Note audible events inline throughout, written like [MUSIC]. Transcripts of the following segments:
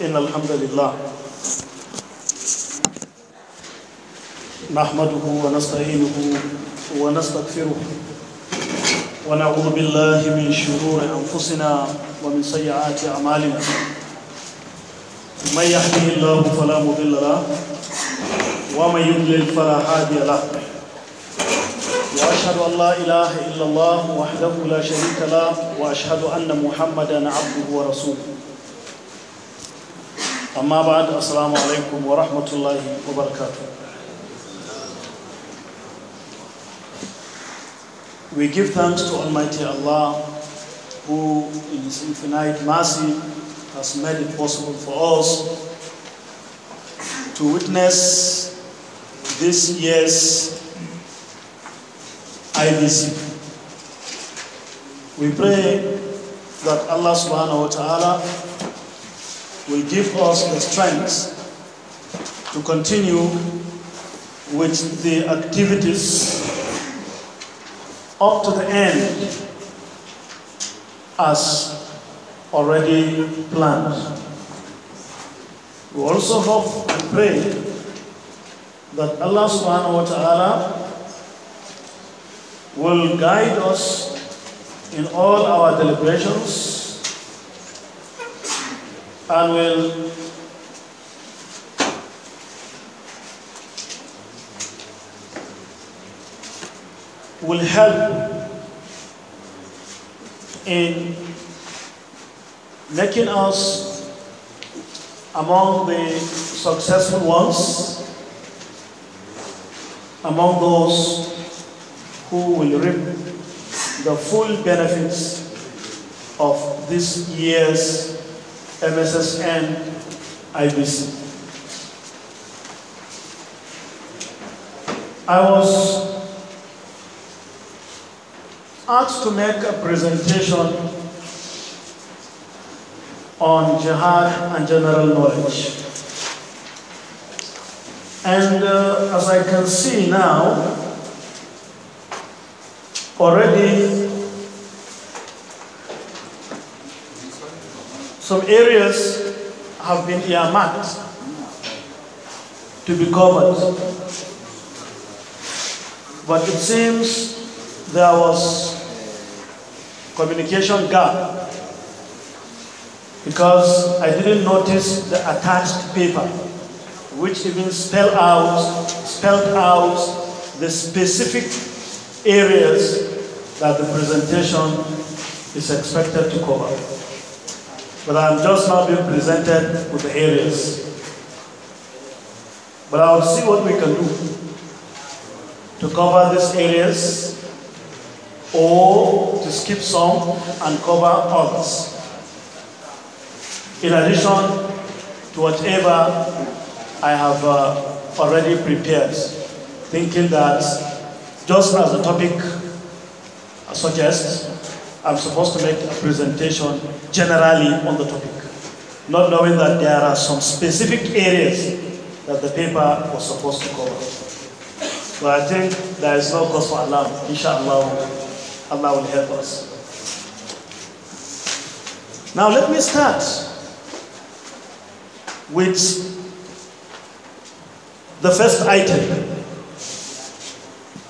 إن الحمد لله نحمده ونستعينه ونستغفره ونعوذ بالله من شرور أنفسنا ومن سيئات أعمالنا من يهده الله فلا مضل له ومن يضلل فلا هادي له واشهد ان لا اله الا الله وحده لا شريك له واشهد ان محمدا عبده ورسوله أما بعد السلام عليكم ورحمة الله وبركاته We give thanks to Almighty Allah who in His infinite mercy has made it possible for us to witness this year's IBC. We pray that Allah subhanahu wa ta'ala will give us the strength to continue with the activities up to the end as already planned. We also hope and pray that Allah subhanahu wa ta'ala will guide us in all our deliberations and will will help in making us among the successful ones, among those who will reap the full benefits of this year's MSSN, IBC. I was asked to make a presentation on jihad and general knowledge. And uh, as I can see now, already some areas have been earmarked to be covered. But it seems there was communication gap because I didn't notice the attached paper which even spell out, spelled out the specific areas that the presentation is expected to cover. But I'm just now being presented with the areas. But I'll see what we can do to cover these areas or to skip some and cover others. In addition to whatever I have uh, already prepared, thinking that just as the topic suggests, I'm supposed to make a presentation generally on the topic, not knowing that there are some specific areas that the paper was supposed to cover. But I think there is no cause for alarm. Inshallah, Allah will help us. Now let me start with the first item,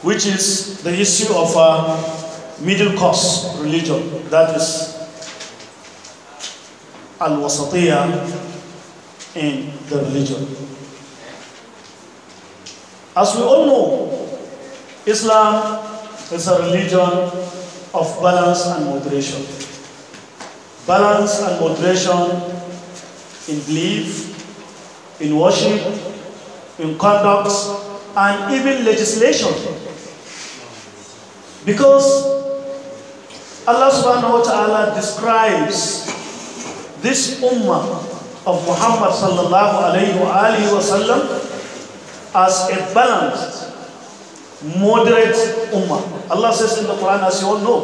which is the issue of uh, middle course religion, that is al wasatiyah in the religion. As we all know, Islam is a religion of balance and moderation. Balance and moderation in belief, in worship, in conduct, and even legislation. Because Allah subhanahu wa ta'ala describes this ummah of Muhammad sallallahu alayhi wa alihi wa sallam as a balanced, moderate ummah. Allah says in the Quran, as you all know,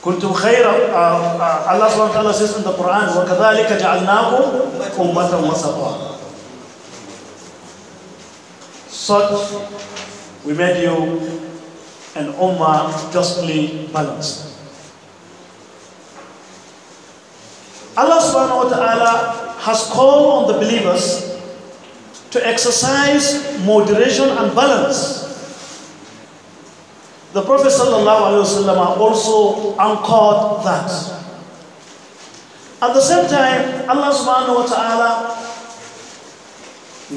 كنتم خير الله سبحانه وتعالى says in the Quran وكذلك جعلناكم أمة وسطا such we made you and ummah justly balanced. Allah subhanahu wa ta'ala has called on the believers to exercise moderation and balance. The Prophet also anchored that. At the same time, Allah subhanahu wa ta'ala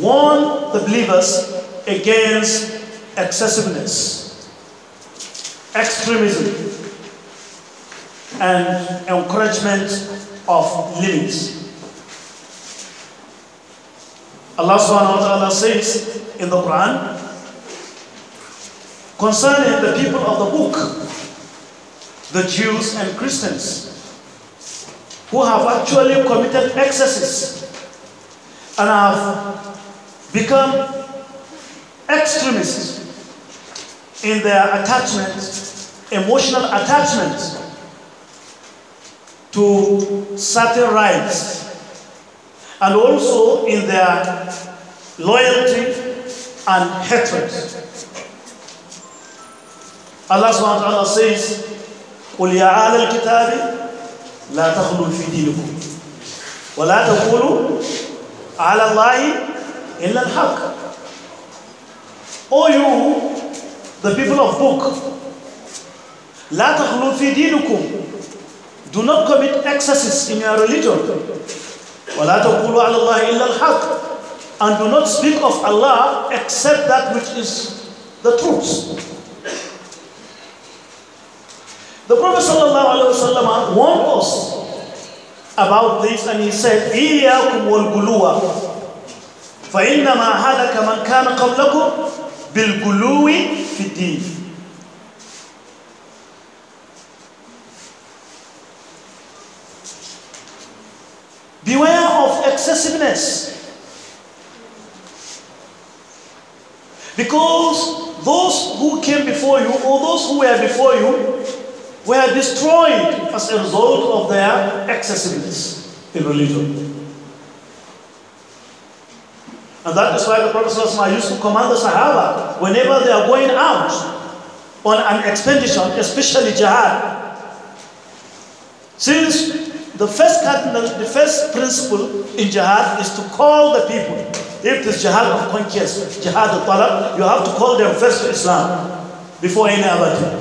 warned the believers against excessiveness extremism, and encouragement of limits. Allah subhanahu wa ta'ala says in the Quran concerning the people of the book, the Jews and Christians, who have actually committed excesses and have become extremists in their attachment, emotional attachment to certain rights, and also in their loyalty and hatred. Allah subhanahu wa ta'ala says, قل يا أهل الكتاب لا تغلوا في دينكم ولا تقولوا على الله إلا الحق. O you the people of book. Do not commit excesses in your religion. And do not speak of Allah except that which is the truth. The Prophet wasallam warned us about this and he said, إِيَّاكُمْ وَالْغُلُوَّ فَإِنَّمَا هَلَكَ مَنْ كَانَ قَبْلَكُمْ bilgului fidin. Beware of excessiveness. Because those who came before you, or those who were before you, were destroyed as a result of their excessiveness in religion. And that is why the Prophet used to command the Sahaba whenever they are going out on an expedition, especially jihad. Since the first cardinal, the first principle in jihad is to call the people. If it's jihad of conquest, jihad of talab, you have to call them first to Islam before any other thing.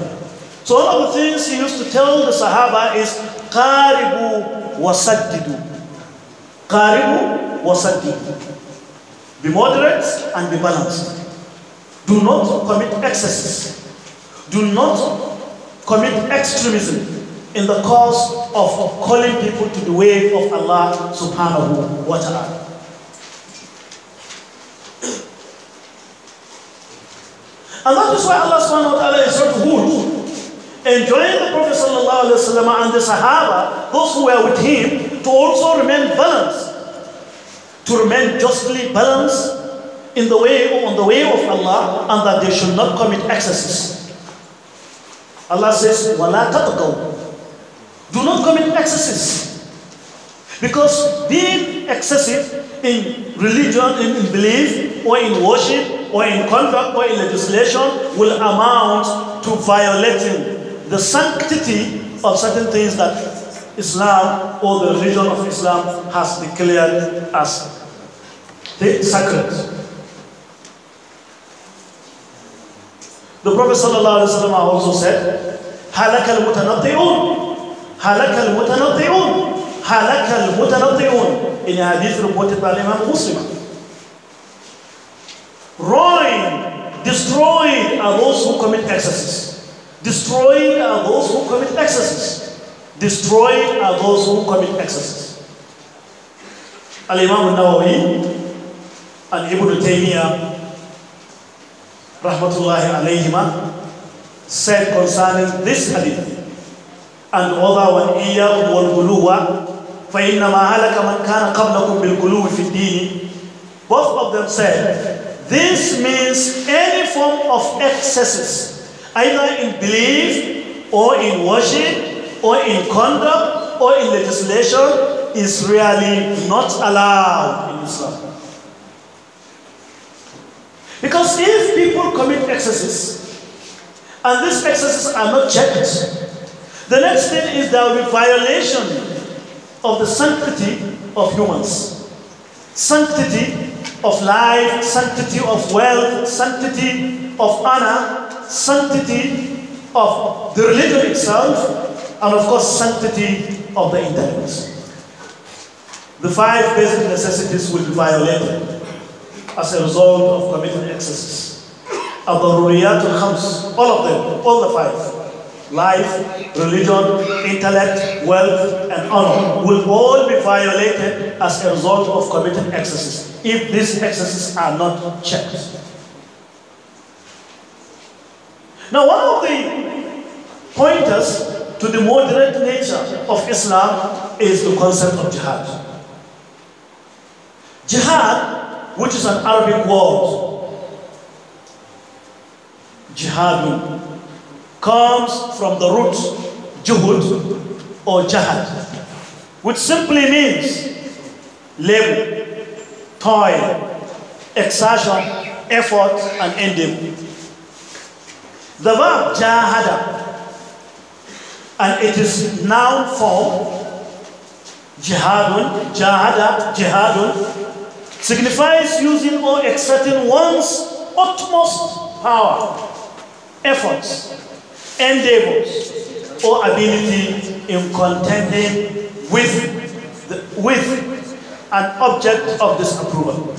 So one of the things he used to tell the Sahaba is qaribu wasaddidu. Qaribu wasaddidu. Be moderate and be balanced. Do not commit excesses. Do not commit extremism in the cause of calling people to the way of Allah subhanahu wa ta'ala. And that is why Allah subhanahu wa ta'ala is good. Enjoying the Prophet sallallahu alayhi wa sallam and the Sahaba, those who were with him, to also remain balanced to remain justly balanced in the way on the way of Allah and that they should not commit excesses. Allah says, Wala Do not commit excesses. Because being excessive in religion, in, belief, or in worship, or in conduct, or in legislation will amount to violating the sanctity of certain things that Islam or the religion of Islam has declared as the sacred. The Prophet ﷺ also said, "Halak al halak al هلك halak al المتنطعون in a hadith reported by Imam Muslim. Ruin, destroy are those who commit excesses. Destroyed are those who commit excesses. Destroyed are those who commit excesses. Al Imam Nawawi and Ibn Taymiyyah, Rahmatullahi alayhima, said concerning this hadith and other one, إِيَّاكُمْ وَالْغُلُوَّ فَإِنَّمَا هَلَكَ مَنْ كَانَ قَبْلَكُمْ بِالْغُلُوِّ فِي الدِّينِ Both of them said, this means any form of excesses, either in belief or in worship or in conduct or in legislation is really not allowed in Islam. Because if people commit excesses and these excesses are not checked, the next thing is there will be violation of the sanctity of humans, sanctity of life, sanctity of wealth, sanctity of honor, sanctity of the religion itself, and of course sanctity of the intellect. The five basic necessities will be violated as a result of committing excesses. khams all of them, all the five, life, religion, intellect, wealth, and honor will all be violated as a result of committing excesses if these excesses are not checked. Now, one of the pointers to the moderate nature of Islam is the concept of jihad. Jihad, which is an Arabic word, jihad comes from the root juhud or jihad, which simply means labor, toil, exertion, effort, and endeavor. The verb jahada and it is now for jihadun, jahada, jihadun, signifies using or exerting one's utmost power, efforts, endeavors, or ability in contending with, the, with an object of disapproval.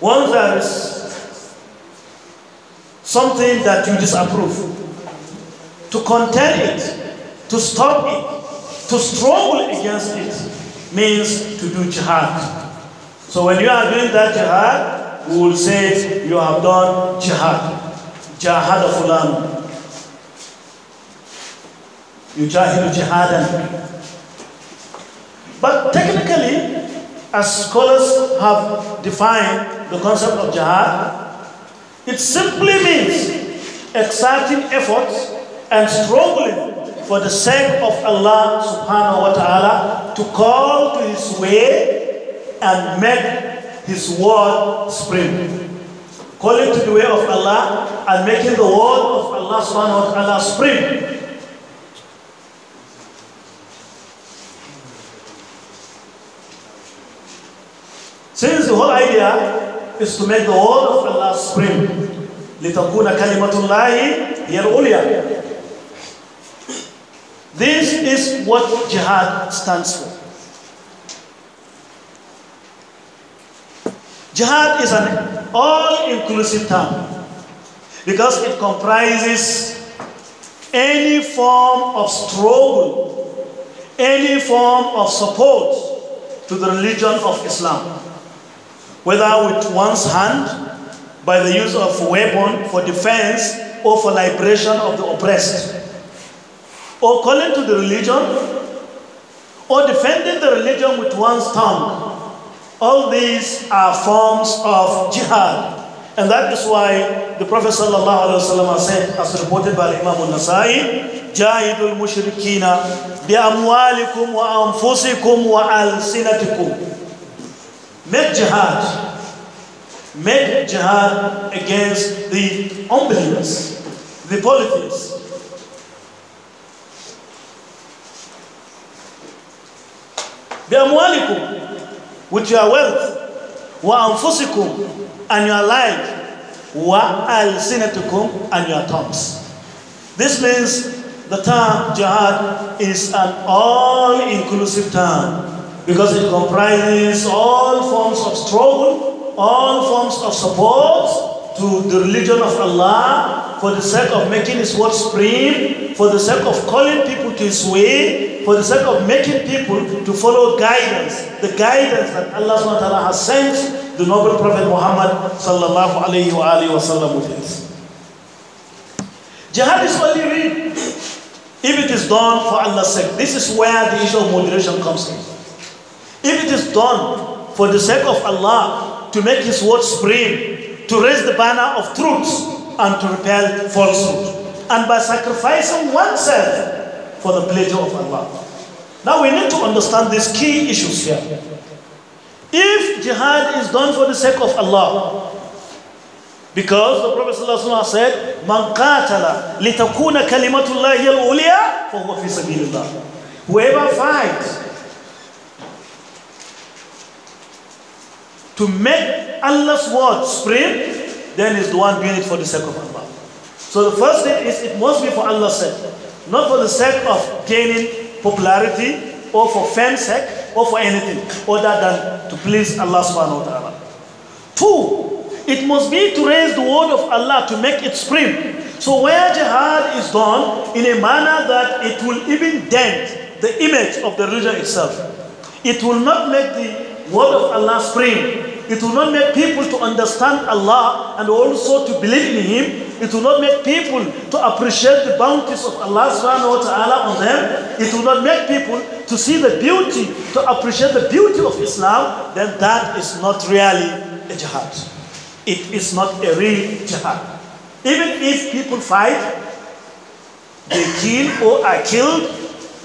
Once there is something that you disapprove, to contend it, to stop it, to struggle against it, means to do jihad. So when you are doing that jihad, we will say you have done jihad. Jihad of Ulam. You jihad But technically, as scholars have defined the concept of jihad, it simply means exerting efforts and struggling for the sake of Allah subhanahu wa ta'ala to call to his way and make his word spring. Calling to the way of Allah and making the word of Allah subhanahu wa ta'ala spring. Since the whole idea is to make the word of Allah spring, لتكون كلمة الله هي this is what jihad stands for. Jihad is an all inclusive term because it comprises any form of struggle, any form of support to the religion of Islam, whether with one's hand, by the use of weapon for defense, or for liberation of the oppressed or calling to the religion, or defending the religion with one's tongue. All these are forms of jihad. And that is why the Prophet ﷺ said, as reported by Imam al-Nasai, جاهدوا المشركين بأموالكم وأنفسكم وألسنتكم Make jihad. Make jihad against the unbelievers, the polytheists, بأموالكم with your wealth وأنفسكم and your life وألسنتكم and your tongues this means the term jihad is an all-inclusive term because it comprises all forms of struggle all forms of support to the religion of Allah for the sake of making his word spring, for the sake of calling people to his way, for the sake of making people to follow guidance, the guidance that Allah SWT has sent the noble Prophet Muhammad sallallahu alayhi wa alayhi wa sallam with us. Jihad is only real if it is done for Allah's sake. This is where the issue of moderation comes in. If it is done for the sake of Allah, to make His word spring, to raise the banner of truth, and to repel falsehood, and by sacrificing oneself for the pleasure of Allah. Now we need to understand these key issues here. If jihad is done for the sake of Allah, because the Prophet ﷺ said, Man qatala litakuna kalimatullahi al-uliya, fahuwa fi sabilillah. Whoever fights to make Allah's word spread then is the one doing it for the sake of Allah. So the first thing is it must be for Allah's sake, not for the sake of gaining popularity or for fame's sake or for anything other than to please Allah subhanahu wa ta'ala. Two, it must be to raise the word of Allah to make it spring. So where jihad is done in a manner that it will even dent the image of the religion itself. It will not make the word of Allah spring. It will not make people to understand Allah and also to believe in Him. It will not make people to appreciate the bounties of Allah subhanahu wa ta'ala on them. It will not make people to see the beauty, to appreciate the beauty of Islam. Then that is not really a jihad. It is not a real jihad. Even if people fight, they kill or are killed,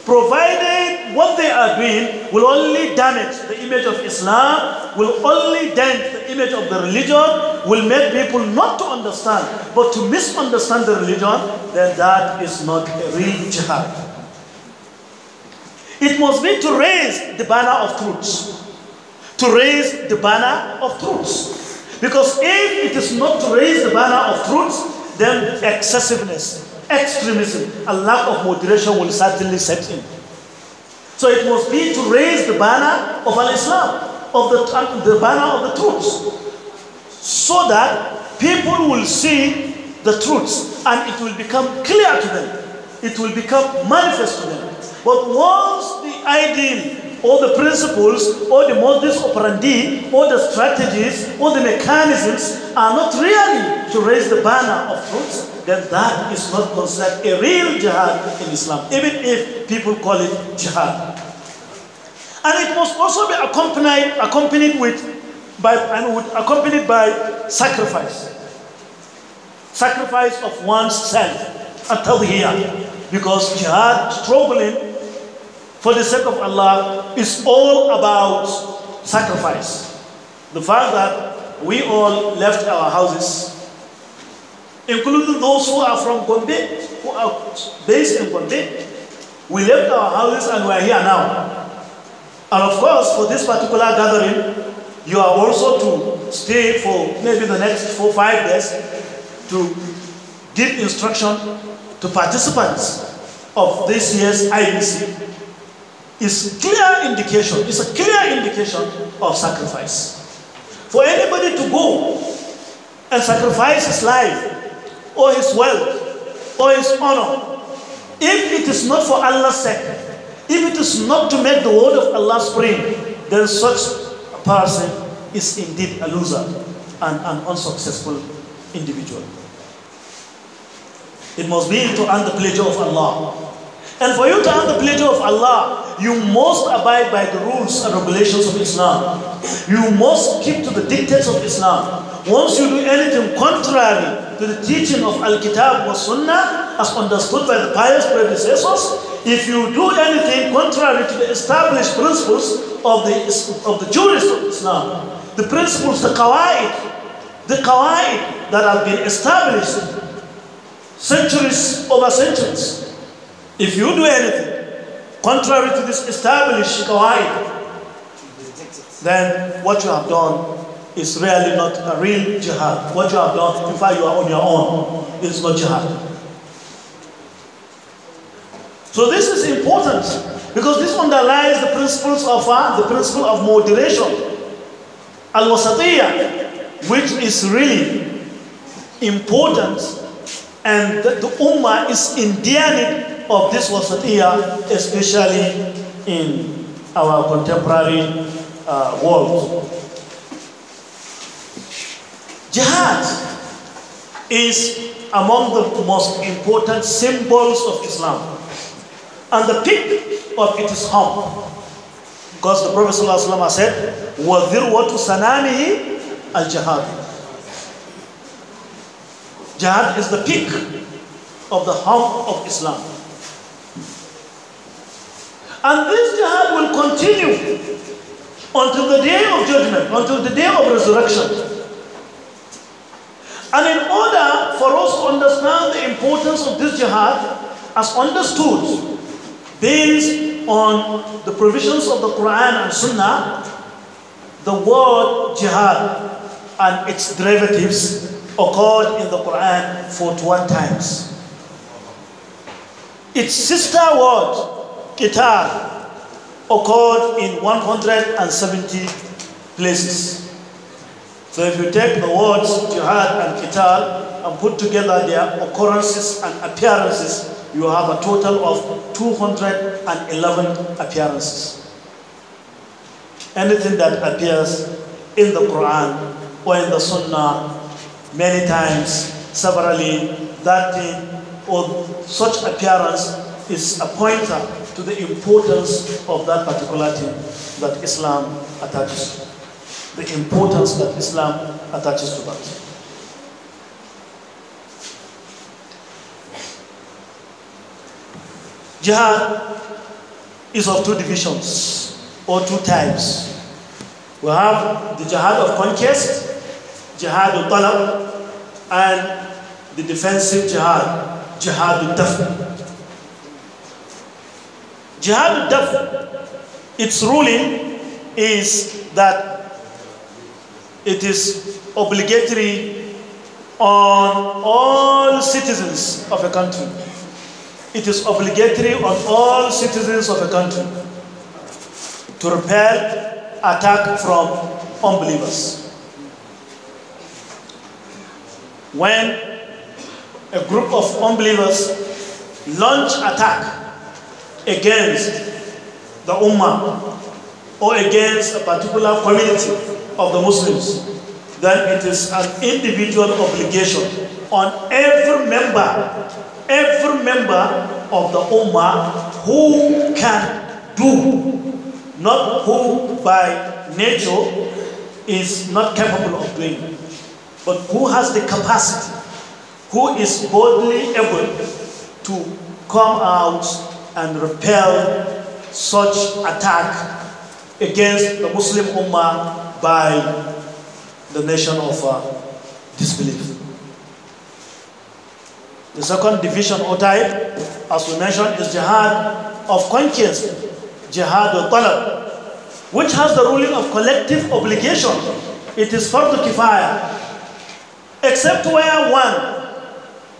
provided what they are doing will only damage the image of Islam, will only dent the image of the religion, will make people not to understand, but to misunderstand the religion, then that is not a real jihad. It must be to raise the banner of truth. To raise the banner of truth. Because if it is not to raise the banner of truth, then excessiveness, extremism, and lack of moderation will certainly set in. So it must be to raise the banner of Al Islam, of the, the banner of the truth, so that people will see the truth and it will become clear to them, it will become manifest to them. But once the ideal all the principles all the modus operandi all the strategies all the mechanisms are not really to raise the banner of truth, then that is not considered a real jihad in Islam, even if people call it jihad. And it must also be accompanied, accompanied with, by, and would accompanied by sacrifice. Sacrifice of one's self, atawhiyah. Because jihad, struggling for the sake of Allah is all about sacrifice. The fact that we all left our houses, including those who are from Gombe, who are based in Gombe, we left our houses and we are here now. And of course, for this particular gathering, you are also to stay for maybe the next four, five days to give instruction to participants of this year's IBC is clear indication, it's a clear indication of sacrifice. For anybody to go and sacrifice his life or his wealth or his honor, if it is not for Allah's sake, if it is not to make the word of Allah spring, then such a person is indeed a loser and an unsuccessful individual. It must be to earn the pleasure of Allah. And for you to earn the pleasure of Allah, you must abide by the rules and regulations of Islam. You must keep to the dictates of Islam. Once you do anything contrary to the teaching of Al Kitab wa Sunnah, as understood by the pious predecessors, if you do anything contrary to the established principles of the, of the jurists of Islam, the principles, the qawaid, the qawaid that have been established centuries over centuries, if you do anything, contrary to this established qawaid, then what you have done is really not a real jihad. What you have done, in fact, you are on your own. It's not jihad. So this is important because this underlies the principles of uh, the principle of moderation, al wasatiyah, which is really important, and the, the ummah is endeared of this wasatiyah, especially in our contemporary uh, world. Jihad is among the most important symbols of Islam. And the peak of it is hump. Because the Prophet ﷺ said, وَذِرْوَةُ سَنَامِهِ al-jihad. Jihad is the peak of the hump of Islam. And this jihad will continue until the day of judgment, until the day of resurrection. And in order for us to understand the importance of this jihad as understood based on the provisions of the Quran and Sunnah, the word jihad and its derivatives occurred in the Quran 41 times. Its sister word Qitar occurred in 170 places. So if you take the words jihad and qital and put together their occurrences and appearances, you have a total of 211 appearances. Anything that appears in the Quran or in the Sunnah many times, severally, that or such appearance is a pointer to the importance of that particular thing that Islam attaches to. The importance that Islam attaches to that. Jihad is of two divisions or two types. We have the jihad of conquest, jihad of talab, and the defensive jihad, jihad of tafsir. Jihad daf its ruling is that it is obligatory on all citizens of a country. It is obligatory on all citizens of a country to repel attack from unbelievers. When a group of unbelievers launch attack against the Ummah or against a particular community of the Muslims, then it is an individual obligation on every member, every member of the Ummah who can do, not who by nature is not capable of doing, but who has the capacity, who is boldly able to come out and repel such attack against the Muslim Ummah by the nation of uh, disbelief. The second division or type, as we mentioned, is jihad of conscience, jihad or talab, which has the ruling of collective obligation. It is for the kifaya, except where one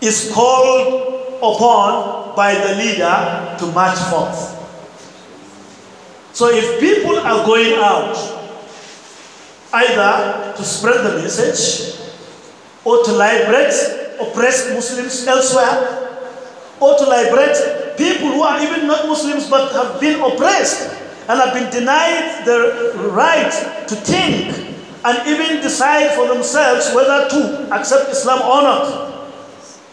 is called upon by the leader to march forth. So if people are going out either to spread the message or to liberate oppressed Muslims elsewhere or to liberate people who are even not Muslims but have been oppressed and have been denied the right to think and even decide for themselves whether to accept Islam or not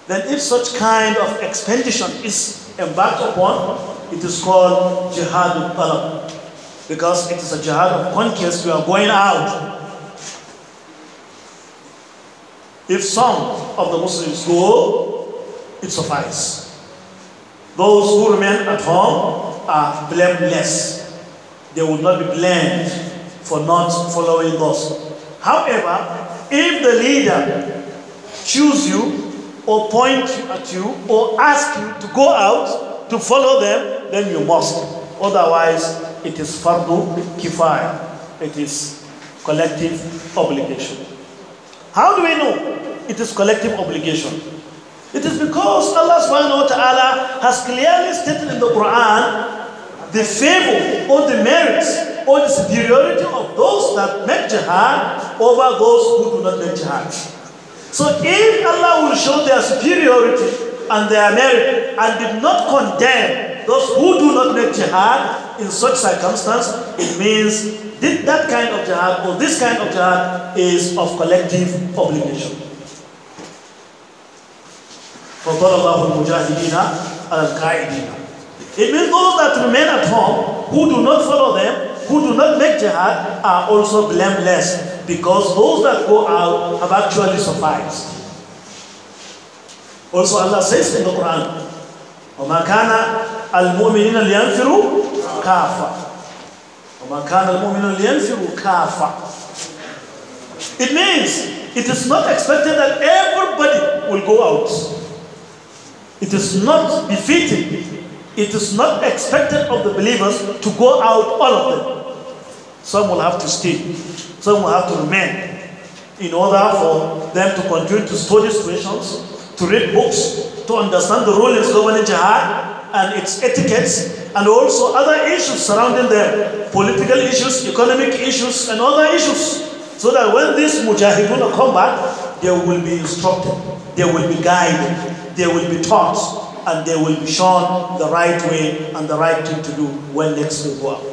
then if such kind of expedition is embarked upon, it is called jihad al because it is a jihad of conquest. We are going out. If some of the Muslims go, it suffices. Those who remain at home are blameless. They will not be blamed for not following us. However, if the leader chooses you or point at you or ask you to go out to follow them, then you must. Otherwise, it is fardu kifaya. It is collective obligation. How do we know it is collective obligation? It is because Allah subhanahu wa ta'ala has clearly stated in the Quran the favor or the merits or the superiority of those that make jihad over those who do not make jihad. So if Allah will show their superiority and their merit and did not condemn those who do not make jihad in such circumstance, it means that, that kind of jihad or this kind of jihad is of collective obligation. It means those that remain at home, who do not follow them, who do not make jihad, are also blameless because those that go out have actually survived. Also, Allah says in the Quran, وَمَا كَانَ الْمُؤْمِنِينَ لِيَنْفِرُوا كَافَةً وَمَا كَانَ الْمُؤْمِنِينَ لِيَنْفِرُوا كَافَةً It means it is not expected that everybody will go out. It is not befitting. It is not expected of the believers to go out, all of them. Some will have to stay. Some will have to remain in order for them to continue to study situations, to read books, to understand the rulings governing jihad and its etiquettes, and also other issues surrounding them political issues, economic issues, and other issues. So that when these mujahideen come back, they will be instructed, they will be guided, they will be taught, and they will be shown the right way and the right thing to do when next they go out.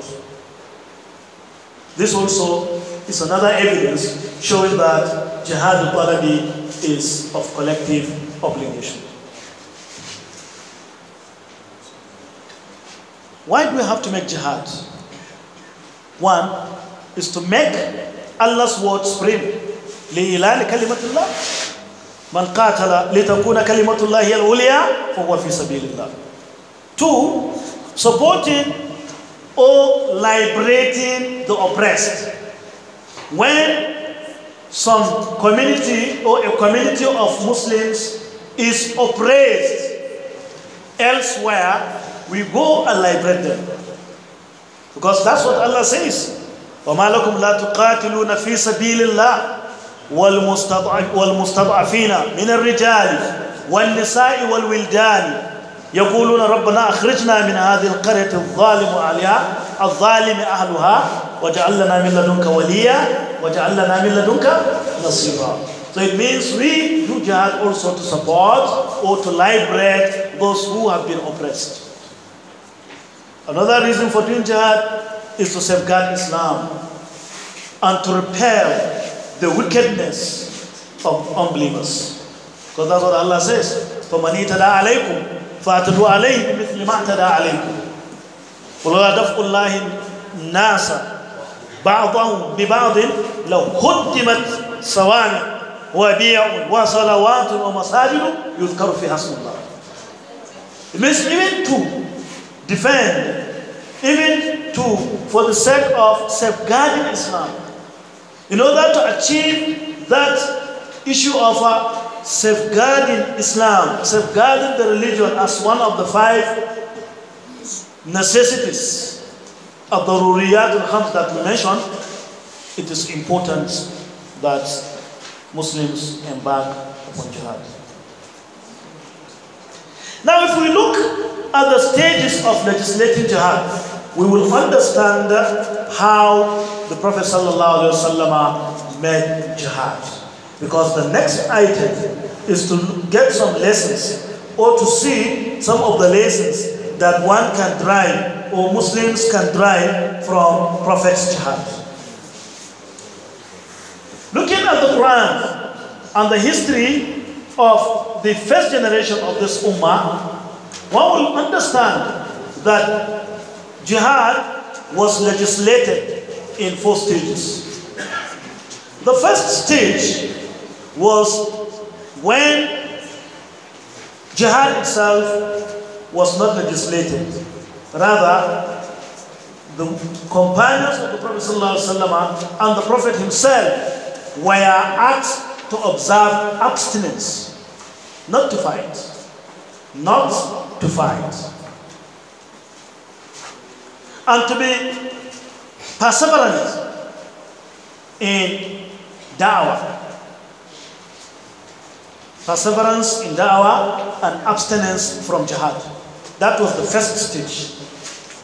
This also is another evidence showing that jihad equality is of collective obligation. Why do we have to make jihad? One is to make Allah's word supreme. لإعلان كلمة الله من قاتل لتكون كلمة الله هي العليا فهو في سبيل الله Two, supporting or liberating the oppressed when some community or a community of Muslims is oppressed elsewhere, we go and liberate them. Because that's what Allah says. وَمَا لَكُمْ لَا تُقَاتِلُونَ فِي سَبِيلِ اللَّهِ والمستضعفين من الرجال والنساء والولدان يقولون ربنا أخرجنا من هذه القرية الظالم عليها الظالم أهلها وجعل لنا من لدنك وليا وجعل لنا من لدنك نصيرا So it means we do jihad also to support or to liberate those who have been oppressed. Another reason for doing jihad is to safeguard Islam and to repel the wickedness of unbelievers. Because that's what Allah says. فَمَنْ تَدَى عَلَيْكُمْ فَأَتَدُوا عَلَيْهِ بِمِثْلِ مَا عَلَيْكُمْ ولولا دفع الله الناس بعضهم ببعض لو هدمت صوامع وبيع وصلوات ومساجد يذكر فيها اسم الله It means even to defend, even to, for the sake of safeguarding Islam, in order to achieve that issue of uh, safeguarding Islam, safeguarding the religion as one of the five necessities of the ruriyat al-khams that we mentioned, it is important that Muslims embark upon jihad. Now, if we look at the stages of legislating jihad, we will understand how the Prophet ﷺ made jihad. Because the next item is to get some lessons or to see some of the lessons that one can drive or Muslims can drive from Prophet's jihad. Looking at the Quran and the history of the first generation of this Ummah, one will understand that jihad was legislated in four stages. The first stage was when jihad itself was not legislated. Rather, the companions of the Prophet ﷺ and the Prophet himself were asked to observe abstinence, not to fight. Not to fight. And to be perseverant in da'wah. Perseverance in da'wah and abstinence from jihad. That was the first stage.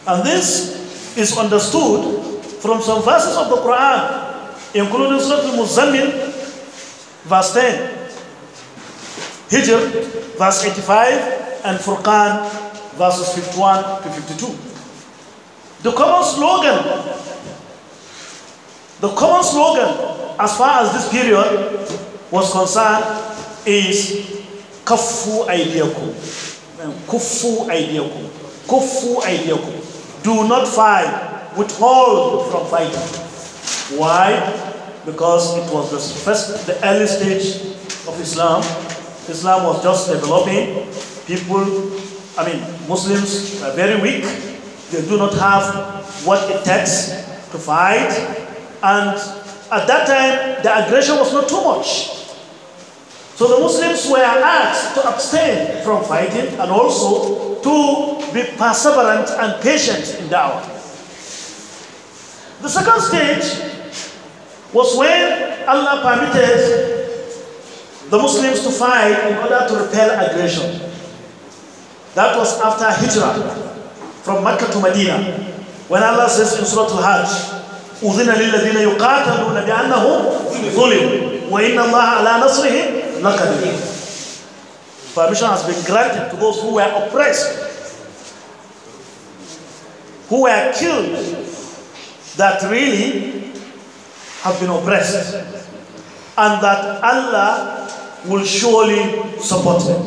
And this is understood from some verses of the Quran, including Surah Al-Muzammil, verse 10, Hijr, verse 85, and Furqan, verses 51 to 52. The common slogan, the common slogan as far as this period was concerned is Kafu Aydiyakum kufu aydiyakum. Kufu aydiyakum. Do not fight. Withhold from fighting. Why? Because it was the first, the early stage of Islam. Islam was just developing. People, I mean, Muslims are very weak. They do not have what it takes to fight. And at that time, the aggression was not too much. So the Muslims were asked to abstain from fighting and also to be perseverant and patient in da'wah. The second stage was when Allah permitted the Muslims to fight in order to repel aggression. That was after Hijrah from Mecca to Medina. When Allah says in Surah Al-Hajj, أذن للذين يقاتلون بأنهم ظلموا وإن الله على نصرهم not Permission has been granted to those who were oppressed, who were killed, that really have been oppressed, and that Allah will surely support them.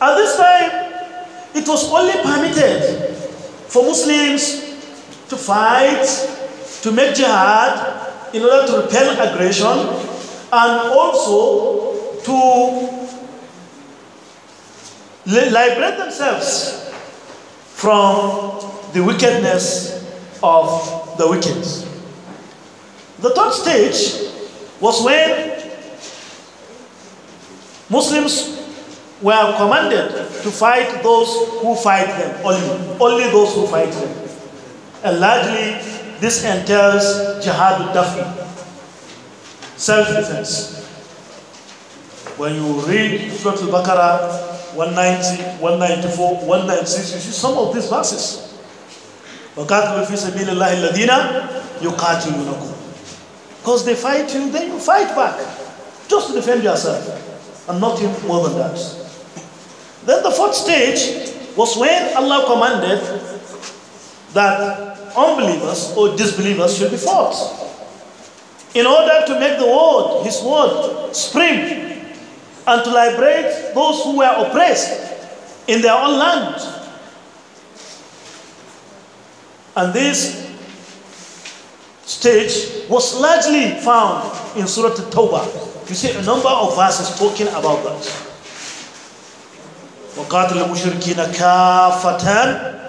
At this time, it was only permitted for Muslims to fight, to make jihad, in order to repel aggression and also to liberate themselves from the wickedness of the wicked. The third stage was when Muslims were commanded to fight those who fight them only, only those who fight them. And largely this entails jihad dafi, self-defense. When you read Surah Al-Baqarah 190, 194, 196, you see some of these verses. وَقَاتِلُوا فِي سَبِيلِ اللَّهِ الَّذِينَ Because they fight you, then you fight back. Just to defend yourself. And nothing more than that. Then the fourth stage was when Allah commanded that unbelievers or disbelievers should be fought. In order to make the word, his word, spring and to liberate those who were oppressed in their own land. And this stage was largely found in Surah At-Tawbah. You see a number of verses talking about that. وَقَاتِلُ الْمُشْرِكِينَ كَافَةً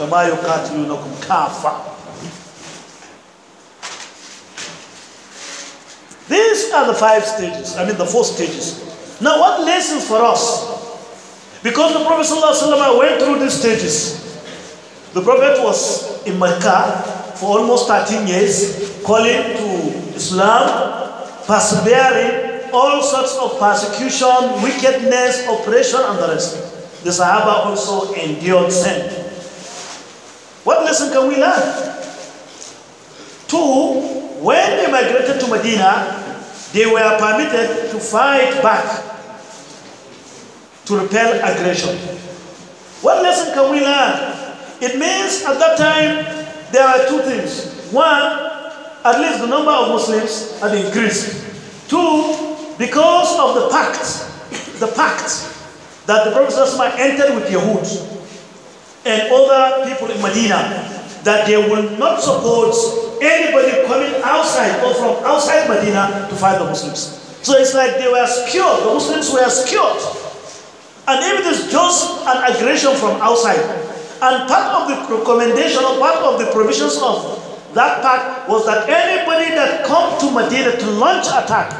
these are the five stages, I mean the four stages. Now, what lessons for us? Because the Prophet ﷺ went through these stages. The Prophet was in Mecca for almost 13 years, calling to Islam, persevering all sorts of persecution, wickedness, oppression, and the rest. The Sahaba also endured sin. What lesson can we learn? Two, when they migrated to Medina, they were permitted to fight back to repel aggression. What lesson can we learn? It means at that time there are two things. One, at least the number of Muslims had increased. Two, because of the pact, the pact that the Prophet entered with Yahud, and other people in Medina that they will not support anybody coming outside or from outside Medina to fight the Muslims. So it's like they were secured, the Muslims were secured. And if it is just an aggression from outside, and part of the recommendation or part of the provisions of that part was that anybody that comes to Medina to launch attack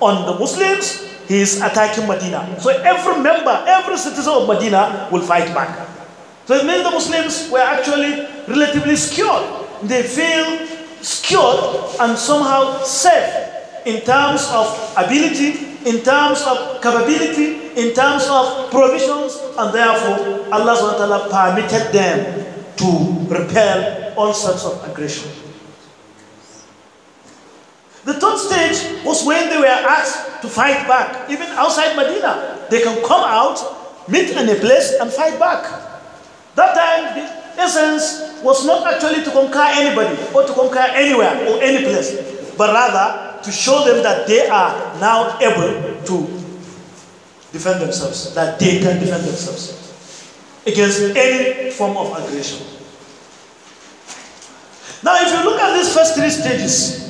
on the Muslims, he is attacking Medina. So every member, every citizen of Medina will fight back. So many of the Muslims were actually relatively secure. They feel secure and somehow safe in terms of ability, in terms of capability, in terms of provisions, and therefore Allah subhanahu wa ta'ala permitted them to repel all sorts of aggression. The third stage was when they were asked to fight back, even outside Medina. They can come out, meet in a place, and fight back. That time, the essence was not actually to conquer anybody or to conquer anywhere or any place, but rather to show them that they are now able to defend themselves, that they can defend themselves against any form of aggression. Now, if you look at these first three stages,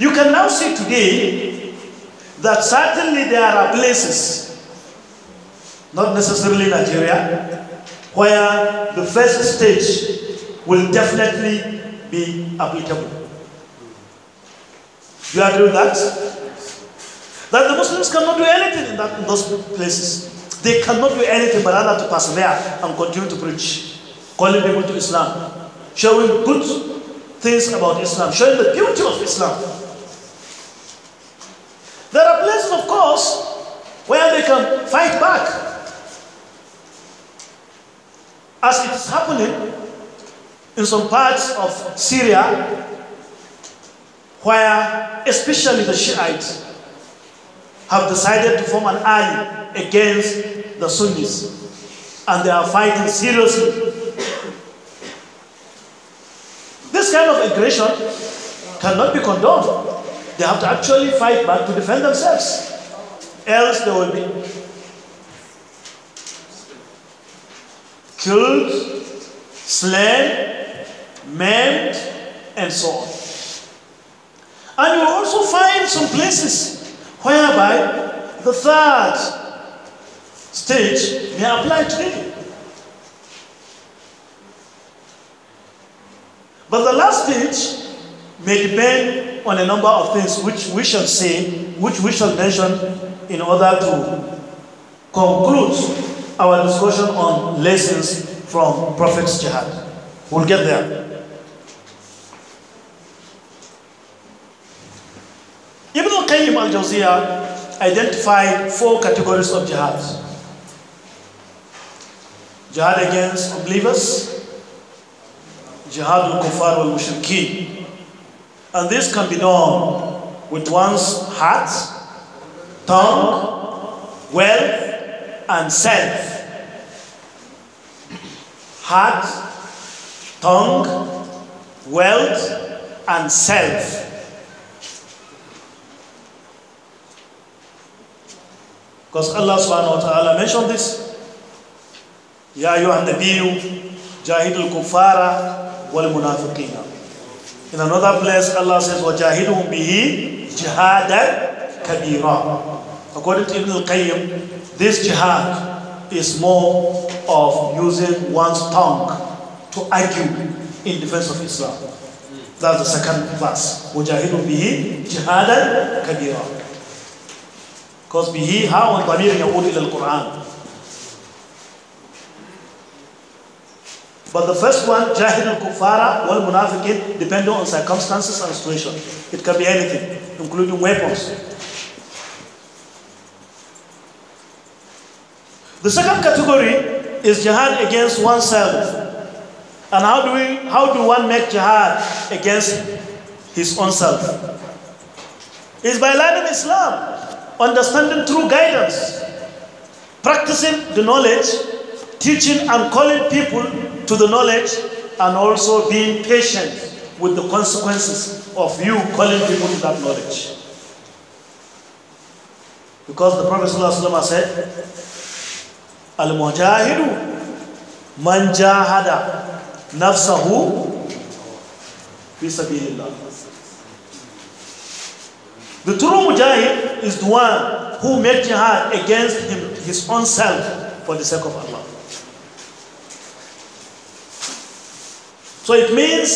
you can now see today that certainly there are places, not necessarily Nigeria, where the first stage will definitely be applicable. You agree with that? That the Muslims cannot do anything in, that, in those places. They cannot do anything but rather to persevere and continue to preach, calling people to Islam, showing good things about Islam, showing the beauty of Islam. There are places, of course, where they can fight back as it is happening in some parts of Syria, where especially the Shiites have decided to form an ally against the Sunnis, and they are fighting seriously. This kind of aggression cannot be condoned. They have to actually fight back to defend themselves, else they will be killed, slain, maimed, and so on. And you will also find some places whereby the third stage may apply to you, But the last stage may depend on a number of things which we shall say, which we shall mention in order to conclude our discussion on lessons from Prophet's jihad. We'll get there. Ibn al-Qayyim al-Jawziyah identified four categories of jihad. Jihad against believers, jihad al-kuffar al-mushrikeen. And this can be done with one's heart, tongue, wealth, and self. Heart, tongue, wealth, and self. Because Allah subhanahu wa ta'ala mentioned this. Ya ayyuhan nabiyyu jahidul kufara wal munafiqina. In another place Allah says wa jahiduhum bihi jihadan kabira. According to Ibn al-Qayyim, this jihad is more of using one's tongue to argue in defense of Islam. That's the second class. Mujahidun bihi jihadan كَبِيرًا Because به ها والضمير يقول إلى Quran. But the first one, jahil al-kuffara wal munafiqin, depending on circumstances and situation. It can be anything, including weapons. The second category is jihad against oneself. And how do, we, how do one make jihad against his own self? Is by learning Islam, understanding through guidance, practicing the knowledge, teaching and calling people to the knowledge, and also being patient with the consequences of you calling people to that knowledge. Because the Prophet ﷺ said, المجاهد من جاهد نفسه في سبيل الله The true mujahid is the one who makes jihad against him, his own self for the sake of Allah. So it means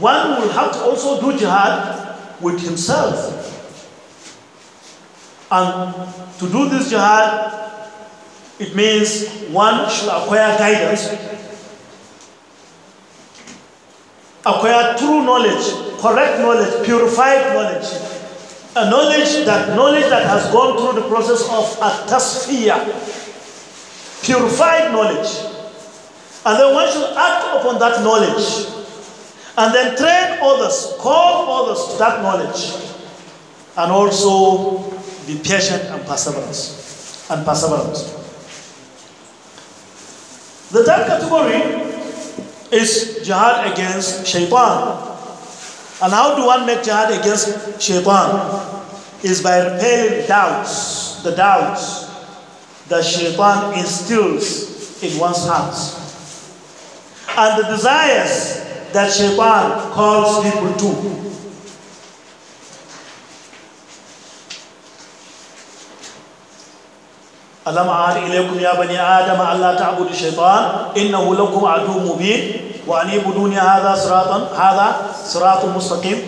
one will have to also do jihad with himself. And to do this jihad, it means one should acquire guidance, acquire true knowledge, correct knowledge, purified knowledge, a knowledge that knowledge that has gone through the process of atasphia, purified knowledge. And then one should act upon that knowledge and then train others, call others to that knowledge, and also be patient and perseverance and perseverance. The third category is jihad against shaitan. And how do one make jihad against shaitan? Is by repelling doubts, the doubts that shaitan instills in one's heart. And the desires that shaitan calls people to. ألم عاد إليكم يا بني آدم ألا تعبدوا الشيطان إنه لكم عدو مبين وأن اعبدوني هذا صراطا هذا صراط مستقيم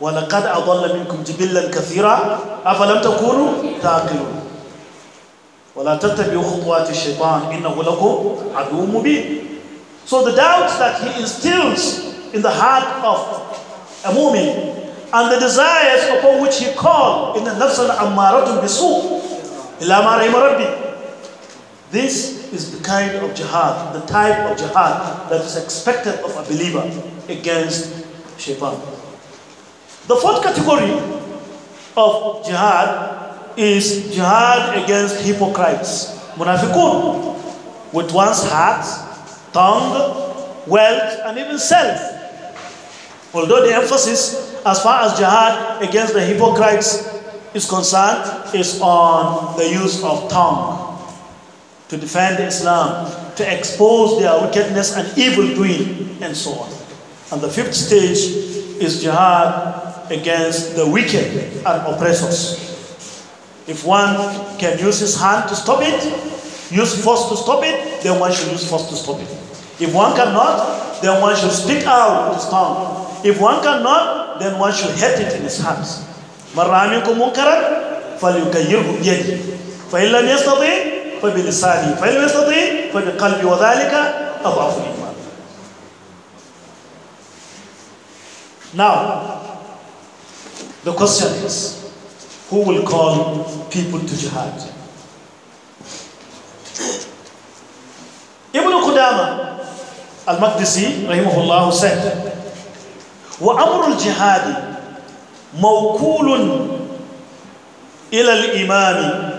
ولقد أضل منكم جبلا كثيرا أفلم تكونوا تعقلون ولا تتبعوا خطوات الشيطان إنه لكم عدو مبين So the doubts that he instills in the heart of a mu'min and the desires upon which he called in the nafs al-ammaratun bisu ila This is the kind of jihad, the type of jihad that is expected of a believer against shaitan. The fourth category of jihad is jihad against hypocrites, munafiqun, with one's heart, tongue, wealth, and even self Although the emphasis, as far as jihad against the hypocrites is concerned, is on the use of tongue to defend Islam, to expose their wickedness and evil doing, and so on. And the fifth stage is jihad against the wicked and oppressors. If one can use his hand to stop it, use force to stop it, then one should use force to stop it. If one cannot, then one should speak out with his tongue if one cannot, then one should hate it in his heart. من رأى منكم منكرا فليغيره بيده فإن لم يستطع فبلسانه فإن لم يستطع فبقلبه وذلك أضعف الإيمان. Now, the question is, who will call people to jihad? Ibn Qudama al-Maqdisi, rahimahullah, said, وأمر الجهاد موكول إلى الإمام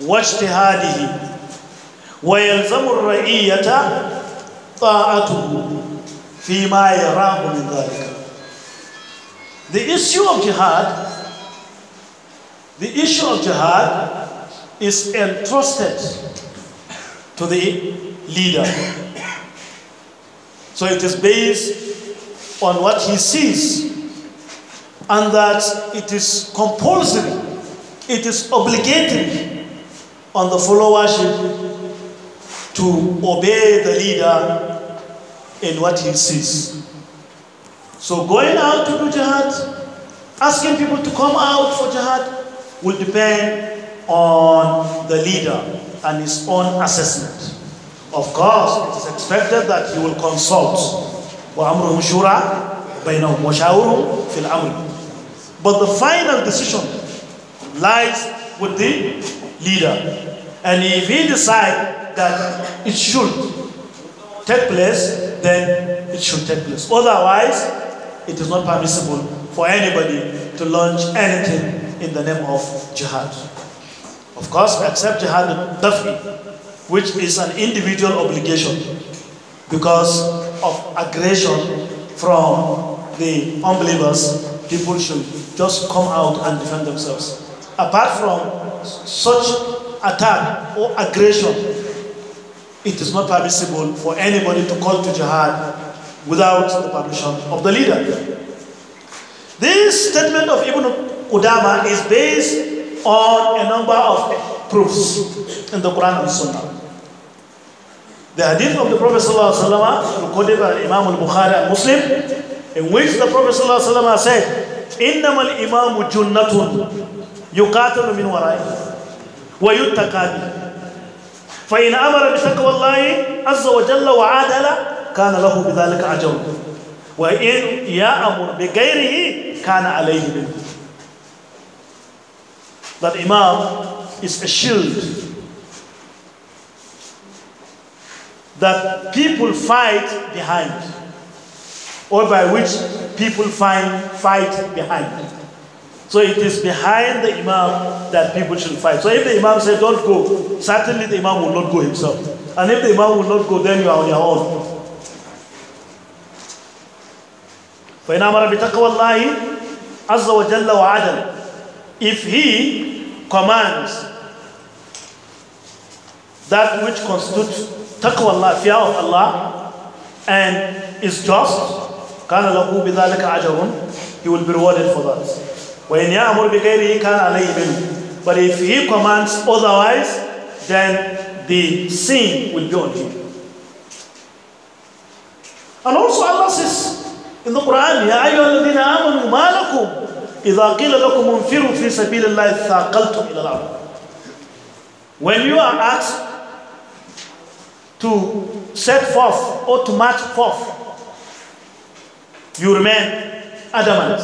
واجتهاده ويلزم الرئية طاعته فيما يراه من ذلك The issue of jihad The issue of jihad is entrusted to the leader. So it is based on what he sees, and that it is compulsory, it is obligatory on the followership to obey the leader in what he sees. So, going out to do jihad, asking people to come out for jihad, will depend on the leader and his own assessment. Of course, it is expected that he will consult وَأَمْرُهُمْ شُورَى بَيْنَهُمْ وَشَاوُرُهُمْ فِي الْأَمْرِ But the final decision lies with the leader. And if he decides that it should take place, then it should take place. Otherwise, it is not permissible for anybody to launch anything in the name of jihad. Of course, we accept jihad which is an individual obligation because of aggression from the unbelievers, people should just come out and defend themselves. Apart from such attack or aggression, it is not permissible for anybody to call to jihad without the permission of the leader. This statement of Ibn Qudama is based on a number of proofs in the Quran and Sunnah. The hadith of the Prophet ﷺ recorded by Imam al-Bukhari and Muslim, in which the Prophet ﷺ said, إِنَّمَا الْإِمَامُ جُنَّةٌ يُقَاتَلُ مِنْ وَرَائِهِ وَيُتَّقَى بِهِ فإن أمر بتقوى الله عز وجل وعادل كان له بذلك أجر وإن يأمر بغيره كان عليه منه That Imam is a shield that people fight behind, or by which people find fight behind. So it is behind the imam that people should fight. So if the imam says, don't go, certainly the imam will not go himself. And if the imam will not go, then you are on your own. فإن أمر بتقوى الله عز وجل وعدل If he commands that which constitutes تقوى الله fear of Allah and is just كان له بذلك أجر he will be rewarded for that وإن يأمر بغيره كان عليه منه but if he commands otherwise then the sin will be on him and also Allah says in the Quran يا أيها الذين آمنوا ما لكم إذا قيل لكم انفروا في سبيل الله ثاقلتم إلى الأرض when you are asked to set forth or to march forth, you remain adamant.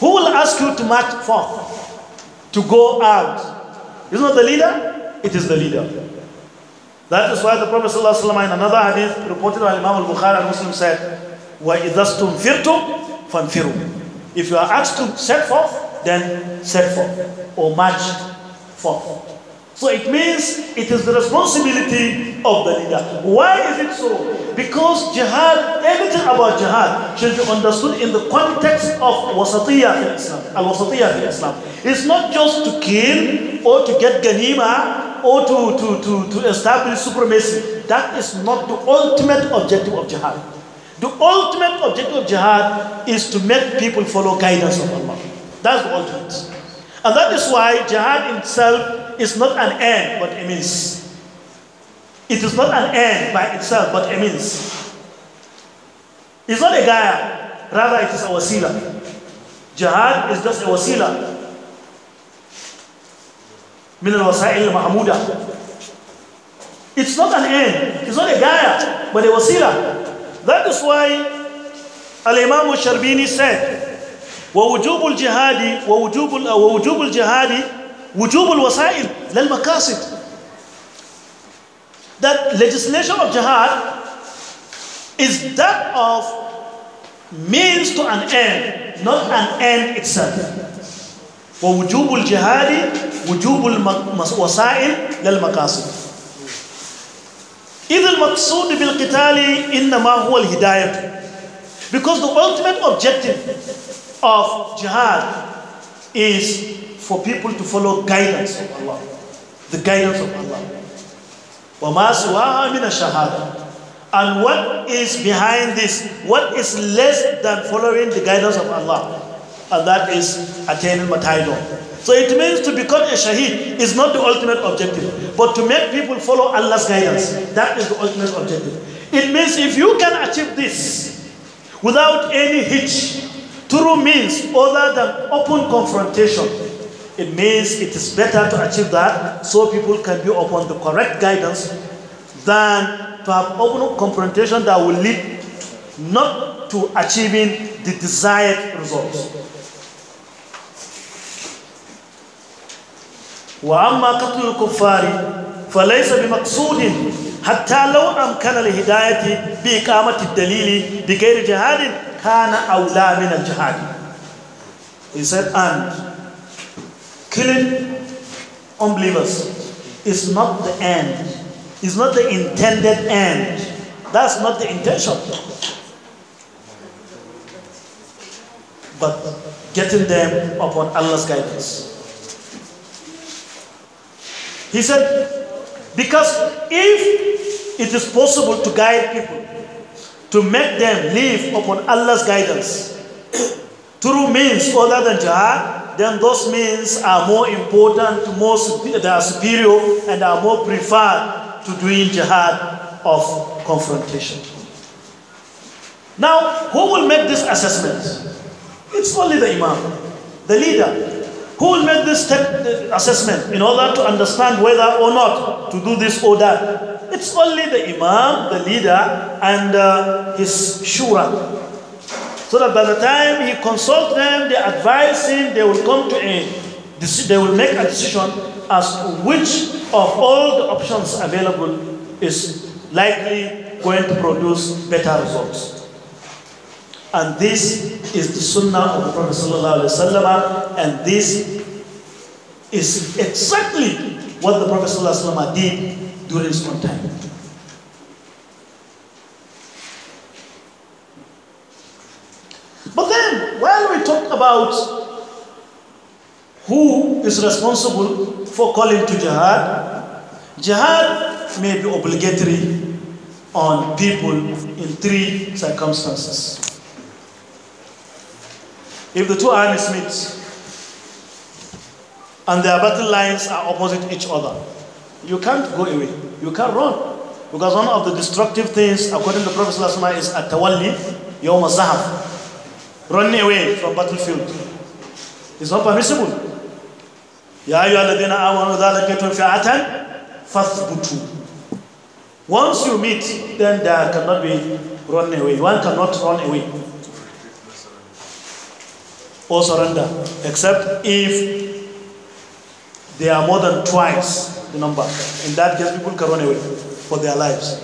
Who will ask you to march forth, to go out? Is not the leader? It is the leader. That is why the Prophet ﷺ in another hadith reported by Imam al-Bukhari and Muslim said, وَإِذَا اسْتُنْفِرْتُمْ فَانْفِرُوا If you are asked to set forth, then set forth or march forth. So it means it is the responsibility of the leader. Why is it so? Because jihad, everything about jihad should be understood in the context of wasatiyah in Islam, al-wasatiyah in Islam. It's not just to kill or to get ganima or to, to, to, to establish supremacy. That is not the ultimate objective of jihad. The ultimate objective of jihad is to make people follow guidance of Allah. That's the ultimate. And that is why jihad itself is not an end, but a means. It is not an end by itself, but a means. It's not a gaya, rather it is a wasila. Jihad is just a wasila. It's not an end, it's not a gaya, but a wasila. That is why Al-Imam al-Sharbini said, ووجوب الجهاد ووجوب ووجوب الجهاد وجوب الوسائل للمقاصد that legislation of jihad is that of means to an end not an end itself ووجوب الجهاد وجوب الوسائل للمقاصد إذ المقصود بالقتال إنما هو الهداية because the ultimate objective of jihad is for people to follow guidance of Allah. The guidance of Allah. وَمَا And what is behind this? What is less than following the guidance of Allah? And that is attaining matayidom. So it means to become a shaheed is not the ultimate objective, but to make people follow Allah's guidance. That is the ultimate objective. It means if you can achieve this without any hitch, True means other than open confrontation. It means it is better to achieve that so people can be upon the correct guidance than to have open confrontation that will lead not to achieving the desired results. وأما قتل الكفار فليس بمقصود حتى لو أمكن الهداية بإقامة الدليل بغير جهاد kana awla min al-jihad. He said, and killing unbelievers is not the end, it's not the intended end. That's not the intention. But getting them upon Allah's guidance. He said, because if it is possible to guide people, to make them live upon Allah's guidance [COUGHS] through means other than jihad, then those means are more important, more, they are superior, and are more preferred to doing jihad of confrontation. Now, who will make this assessment? It's only the Imam, the leader. Who will make this assessment in order to understand whether or not to do this or that? It's only the imam, the leader, and uh, his shura. So that by the time he consults them, they advise him, they will come to a they will make a decision as to which of all the options available is likely going to produce better results. And this is the sunnah of the Prophet and this is exactly what the Prophet ﷺ did during his own time. But then, while we talk about who is responsible for calling to jihad, jihad may be obligatory on people in three circumstances. If the two armies meet, and their battle lines are opposite each other. You can't go away. You can't run. Because one of the destructive things, according to Prophet ﷺ, is at-tawalli yawm zahab running away from battlefield. It's not permissible. يَا أَيُّهَا الَّذِينَ آمَنُوا ذَا لَكَيْتُمْ فِعَةً once you meet, then there cannot be run away. One cannot run away or surrender, except if they are more than twice the number. In that case, people can run away for their lives.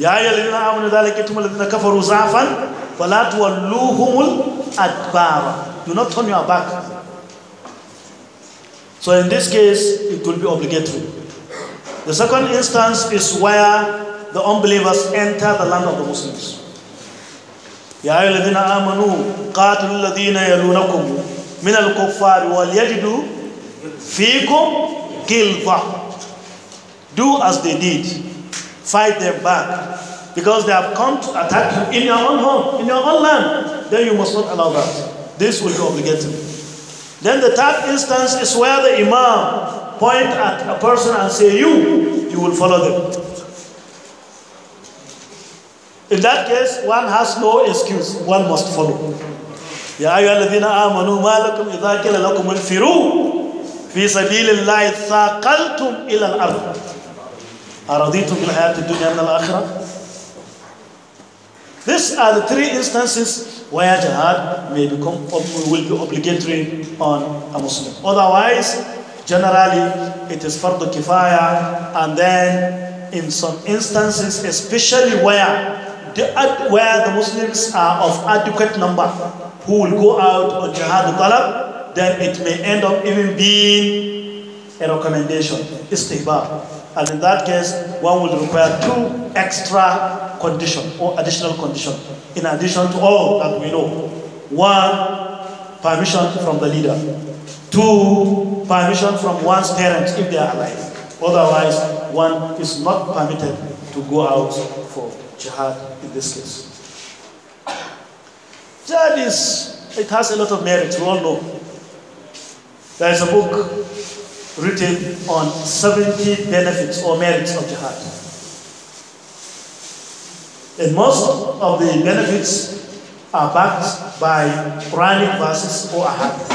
يا أيها الذين آمنوا إذا لقيتم الذين كفروا زعفا فلا تولوهم الأدبار Do not turn your back. So in this case, it will be obligatory. The second instance is where the unbelievers enter the land of the Muslims. يا أيها الذين آمنوا قاتلوا الذين يلونكم من الكفار وليجدوا فيكم غلظة do as they did fight them back because they have come to attack you in your own home in your own land then you must not allow that this will be obligatory then the third instance is where the imam point at a person and say you you will follow them in that case one has no excuse one must follow يا أيها الذين آمنوا ما لكم إذا قيل لكم انفروا في سبيل الله ثاقلتم إلى الأرض أرضيتم بالحياة الدنيا من الآخرة These are the three instances where jihad may become will be obligatory on a Muslim. Otherwise, generally it is fardu kifaya and then in some instances, especially where the, where the Muslims are of adequate number who will go out on jihad talab, then it may end up even being a recommendation, istihbab. And in that case, one would require two extra conditions or additional conditions in addition to all that we know. One, permission from the leader. Two, permission from one's parents if they are alive. Otherwise, one is not permitted to go out for jihad in this case. Jihad is, it has a lot of merits. we all know. There is a book written on 70 benefits or merits of jihad. And most of the benefits are backed by Quranic verses or ahadith.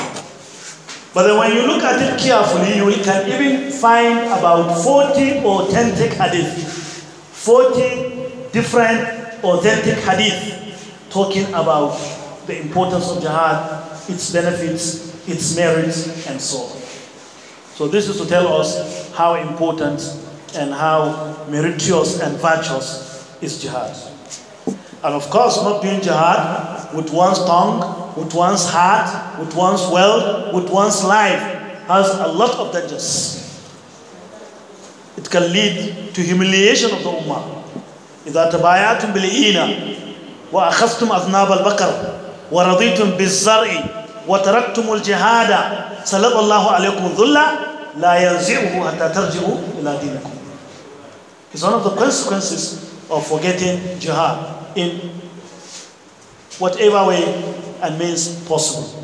But then when you look at it carefully, you can even find about 40 or 10 take hadith. 40 different authentic hadith talking about the importance of jihad, its benefits, its merits, and so on. So this is to tell us how important and how meritorious and virtuous is jihad. And of course, not doing jihad with one's tongue, with one's heart, with one's wealth, with one's life has a lot of dangers. It can lead to humiliation of the ummah. إذا تبايعتم بالإينة وأخذتم أذناب البقر ورضيتم بالزرع وتركتم الجهاد سلط الله عليكم ذلا لا ينزعه حتى ترجعوا إلى دينكم It's one of the consequences of forgetting jihad in whatever way and means possible.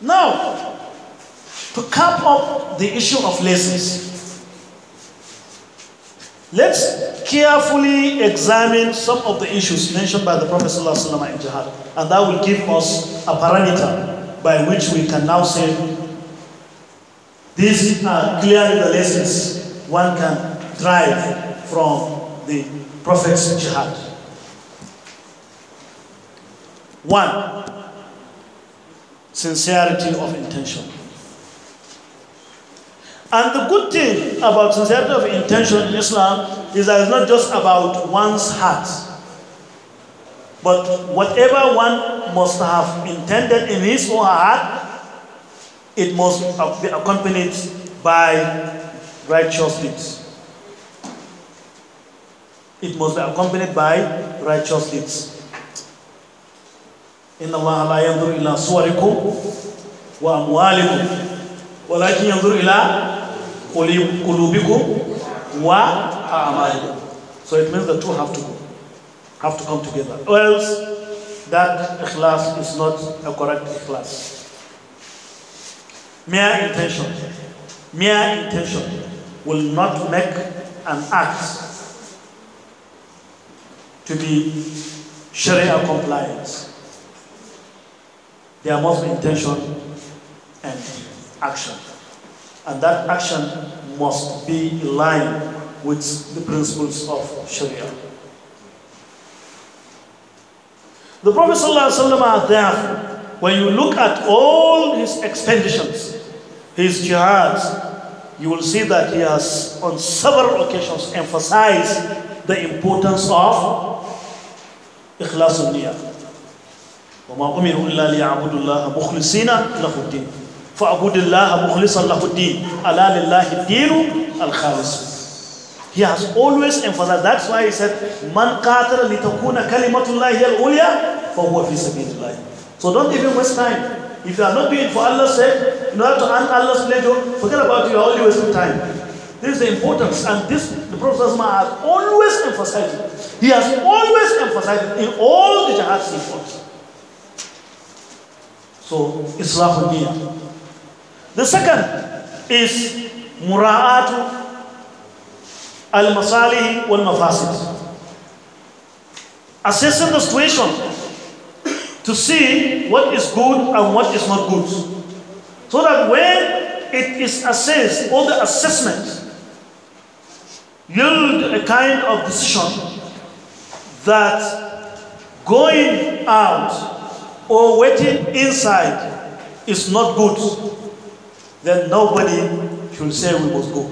Now, to cap up the issue of laziness, Let's carefully examine some of the issues mentioned by the Prophet in jihad, and that will give us a parameter by which we can now say these are clearly the lessons one can drive from the Prophet's jihad. One, sincerity of intention. And the good thing about sincerity of intention in Islam is that it's not just about one's heart, but whatever one must have intended in his or her heart, it must be accompanied by righteous deeds. It must be accompanied by righteous deeds. إن الله لا ينظر إلى صوركم وأموالكم ولكن ينظر إلى Kulubikum wa amalikum. So it means the two have to go, have to come together. Or else that ikhlas is not a correct ikhlas. Mere intention, mere intention will not make an act to be Sharia compliant. There must be intention and action. And that action must be in line with the principles of Sharia. The Prophet ﷺ, therefore, when you look at all his expeditions, his jihads, you will see that he has on several occasions emphasized the importance of إخلاص النية وما أمروا إلا ليعبدوا الله مخلصين له الدين فَعْبُدِ مُخْلِصًا لَهُ الدِّينِ أَلَا لِلَّهِ الدِّينُ الْخَالِصُ He has always emphasized. That's why he said, "Man qatala litakuna kalimatullahi al-ulya, fahuwa fi sabilillah." So don't even waste time. If you are not doing for Allah's sake, in order to earn Allah's pleasure, forget about it. You are only wasting time. This is the importance, and this the Prophet has always emphasized. It. He has always emphasized in all the jihad he fought. So, Islam Niyah. The second is mura'atu al-masalih wal-mafasid. Assessing the situation to see what is good and what is not good. So that when it is assessed, all the assessments yield a kind of decision that going out or waiting inside is not good then nobody should say we must go.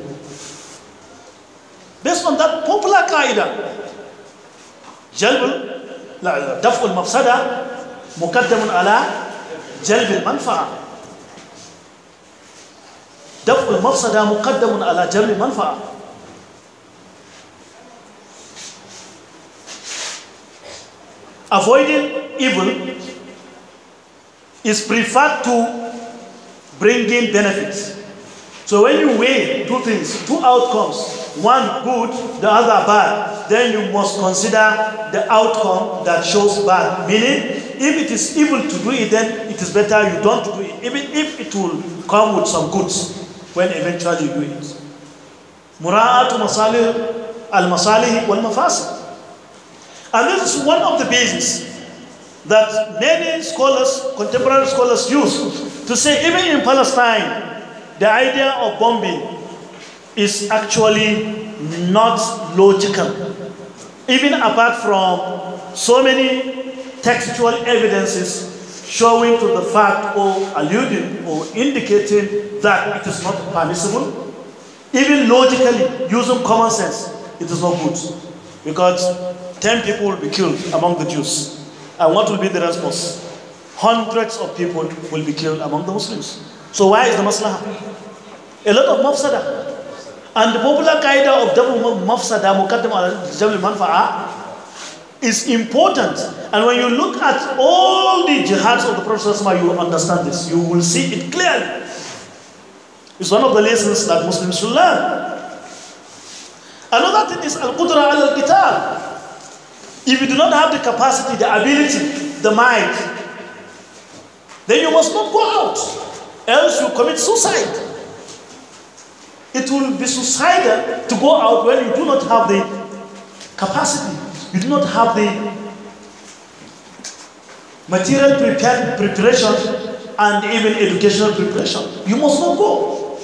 Based on that popular qaida, جلب لا دفع المفسدة مقدم على جلب المنفعة دفع المفسدة مقدم على جلب المنفعة Avoiding evil is preferred to bringing benefits. So when you weigh two things, two outcomes, one good, the other bad, then you must consider the outcome that shows bad. Meaning, if it is evil to do it, then it is better you don't do it, even if it will come with some goods when eventually you do it. Mura'atu masalih al-masalih wal-mafasid. And this is one of the bases that many scholars, contemporary scholars use to say even in Palestine, the idea of bombing is actually not logical. Even apart from so many textual evidences showing to the fact or alluding or indicating that it is not permissible, even logically, using common sense, it is not good. Because 10 people will be killed among the Jews. And what will be the response? Hundreds of people will be killed among the Muslims. So why is the maslaha? A lot of mafsada. And the popular qaida of double mafsada, muqaddam al manfa'a, is important. And when you look at all the jihads of the Prophet, you understand this. You will see it clearly. It's one of the lessons that Muslims should learn. Another thing is al-qudra al-qital. If you do not have the capacity, the ability, the might, then you must not go out, else you commit suicide. It will be suicidal to go out when you do not have the capacity, you do not have the material preparation and even educational preparation. You must not go.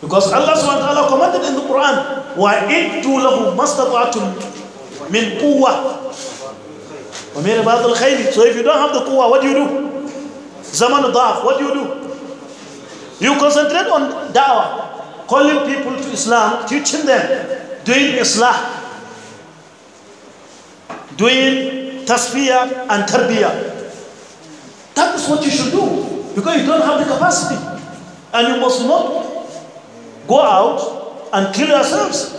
Because Allah subhanahu wa ta'ala commanded in the Quran, وَإِنْتُوا لَهُ مَسْتَطَعْتُمْ min قُوَّةٍ so if you don't have the quwwah, what do you do? Zaman daf, what do you do? You concentrate on da'wah, calling people to Islam, teaching them, doing islah, doing tasfiyah and tarbiyah. That is what you should do because you don't have the capacity. And you must not go out and kill yourselves.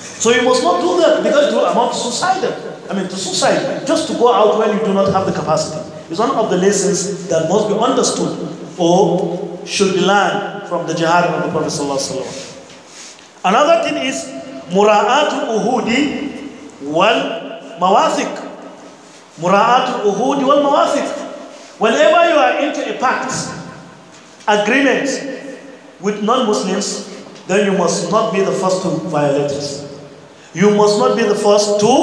So you must not do that because it will amount to suicide. I mean, to suicide, just to go out when you do not have the capacity. It's one of the lessons that must be understood or should be learned from the jihad of the Prophet. Another thing is Mura'at uhudi wal mawathiq. Mura'at uhudi wal mawathiq. Whenever you are into a pact, agreement with non Muslims, then you must not be the first to violate it. You must not be the first to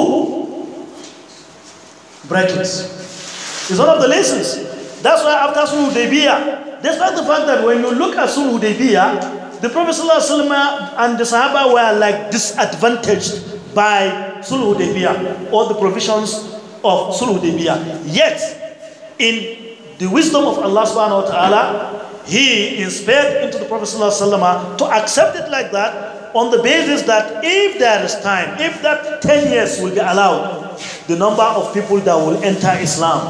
break it. It's one of the lessons. That's why after Sulh Hudaybiyah, despite the fact that when you look at Sulh Hudaybiyah, the Prophet and the Sahaba were like disadvantaged by Sulh Hudaybiyah or the provisions of Sulh Hudaybiyah. Yet, in the wisdom of Allah subhanahu wa ta'ala, He inspired into the Prophet to accept it like that on the basis that if there is time, if that 10 years will be allowed, the number of people that will enter Islam,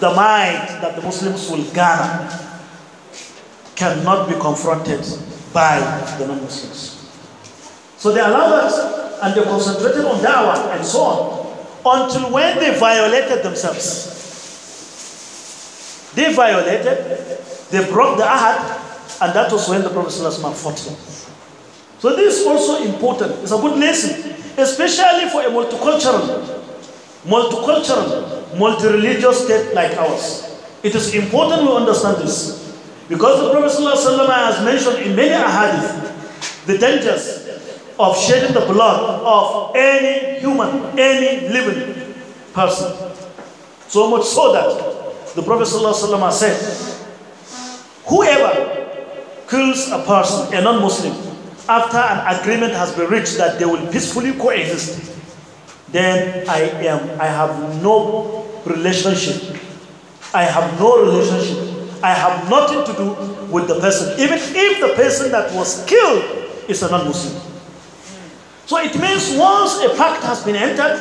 the might that the Muslims will gather, cannot be confronted by the non Muslims. So they allowed us and they concentrated on da'wah and so on until when they violated themselves. They violated, they broke the ahad, and that was when the Prophet fought them. So this is also important. It's a good lesson, especially for a multicultural, multicultural, multi-religious state like ours. It is important we understand this. Because the Prophet ﷺ has mentioned in many ahadith the dangers of shedding the blood of any human, any living person. So much so that the Prophet ﷺ has said, whoever kills a person, a non-Muslim, after an agreement has been reached that they will peacefully coexist, then I am, I have no relationship. I have no relationship. I have nothing to do with the person, even if the person that was killed is a non Muslim. So it means once a pact has been entered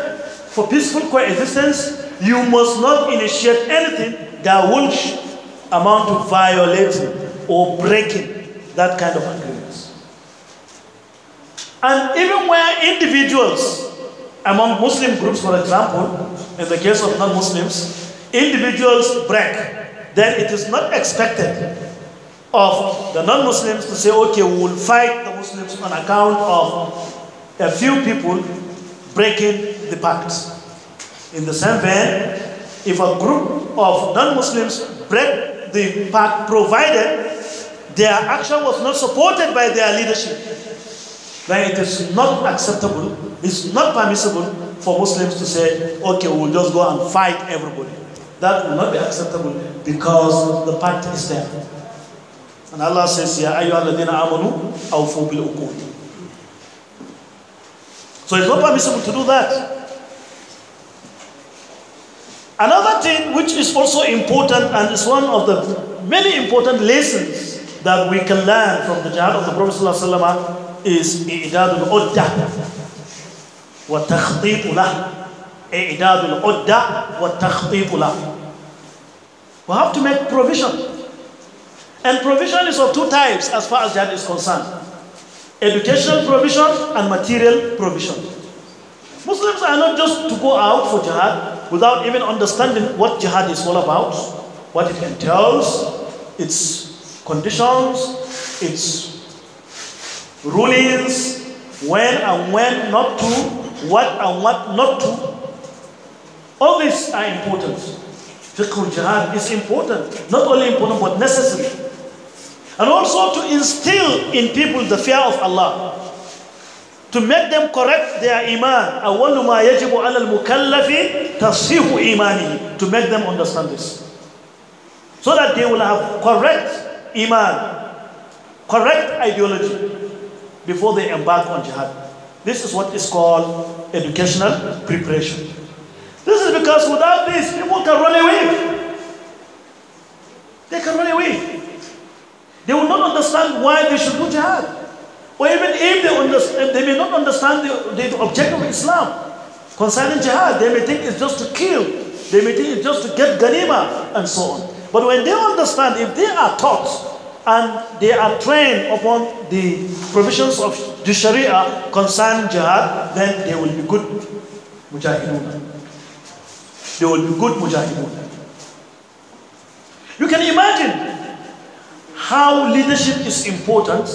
for peaceful coexistence, you must not initiate anything that will amount to violating or breaking that kind of agreements. And even where individuals among Muslim groups, for example, in the case of non Muslims, individuals break, then it is not expected of the non Muslims to say, okay, we will fight the Muslims on account of a few people breaking the pact. In the same vein, if a group of non Muslims break the pact provided their action was not supported by their leadership, then it is not acceptable, it's not permissible for Muslims to say, okay, we'll just go and fight everybody. That will not be acceptable because the pact is there. And Allah says, Ya ayyuhalladhina amanu, awfu bil uqud. So it's not permissible to do that. Another thing which is also important and is one of the many important lessons that we can learn from the jihad of the Prophet is إعداد العدة والتخطيط له إعداد العدة والتخطيط له We have to make provision. And provision is of two types as far as jihad is concerned. Educational provision and material provision. Muslims are not just to go out for jihad without even understanding what jihad is all about, what it entails, its conditions, its rulings, when and when not to, what and what not to. All these are important. Fiqh jihad is important. Not only important, but necessary. And also to instill in people the fear of Allah. To make them correct their iman. To make them understand this. So that they will have correct iman, correct ideology before they embark on jihad. This is what is called educational preparation. This is because without this, people can run away. They can run away. They will not understand why they should do jihad. Or even if they understand, they may not understand the, the objective of Islam concerning jihad. They may think it's just to kill. They may think it's just to get ganima and so on. But when they understand, if they are taught and they are trained upon the provisions of the Sharia concerning jihad, then they will be good mujahideen. They will be good mujahideen. You can imagine how leadership is important,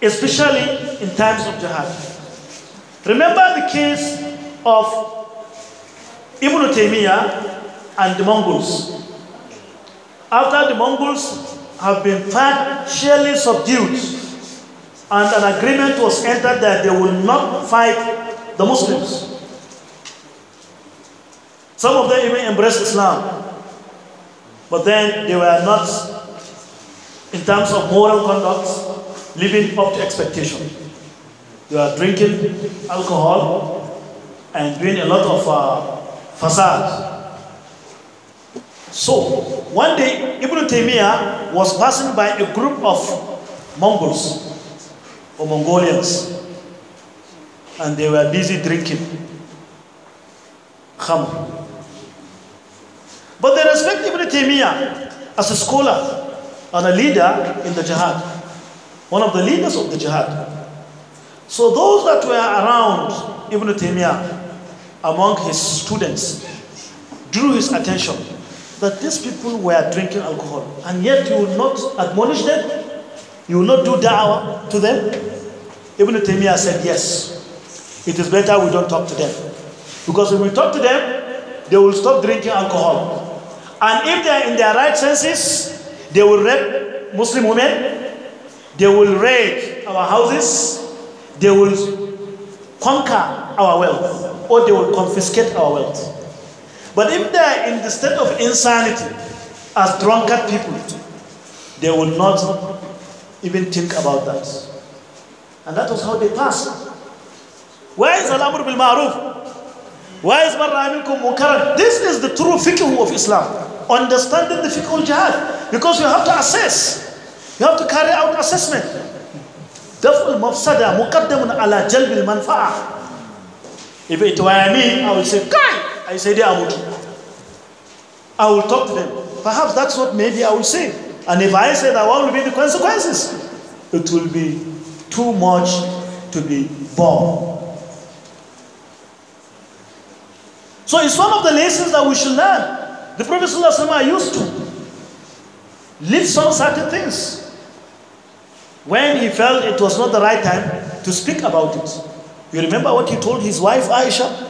especially in times of jihad. Remember the case of Ibn Taymiyyah and the Mongols. After the Mongols have been partially subdued and an agreement was entered that they will not fight the Muslims. Some of them even embraced Islam, but then they were not, in terms of moral conduct, living up to expectation. They were drinking alcohol and doing a lot of uh, so, one day, Ibn Taymiyyah was passing by a group of Mongols or Mongolians, and they were busy drinking khamr. But they respect Ibn Taymiyyah as a scholar and a leader in the jihad, one of the leaders of the jihad. So, those that were around Ibn Taymiyyah among his students drew his attention that these people were drinking alcohol, and yet you will not admonish them, you will not do da'wah to them. Ibn Taymiyyah said, Yes, it is better we don't talk to them. Because if we talk to them, they will stop drinking alcohol. And if they are in their right senses, they will rape Muslim women, they will raid our houses, they will conquer our wealth, or they will confiscate our wealth. But if they are in the state of insanity, as drunkard people, they will not even think about that. And that was how they passed. Where is bil ma'ruf? Where is is aminkum munkaran? This is the true fiqh of Islam. Understanding the fiqh of jihad Because you have to assess. You have to carry out assessment. دفع المفسدة مقدم على جلب المنفعة. If it were me, I would say, guy, I said, I I will talk to them. Perhaps that's what maybe I will say. And if I say that, what will be the consequences? It will be too much to be borne. So it's one of the lessons that we should learn. The Prophet ﷺ used to leave some certain things when he felt it was not the right time to speak about it. You remember what he told his wife Aisha?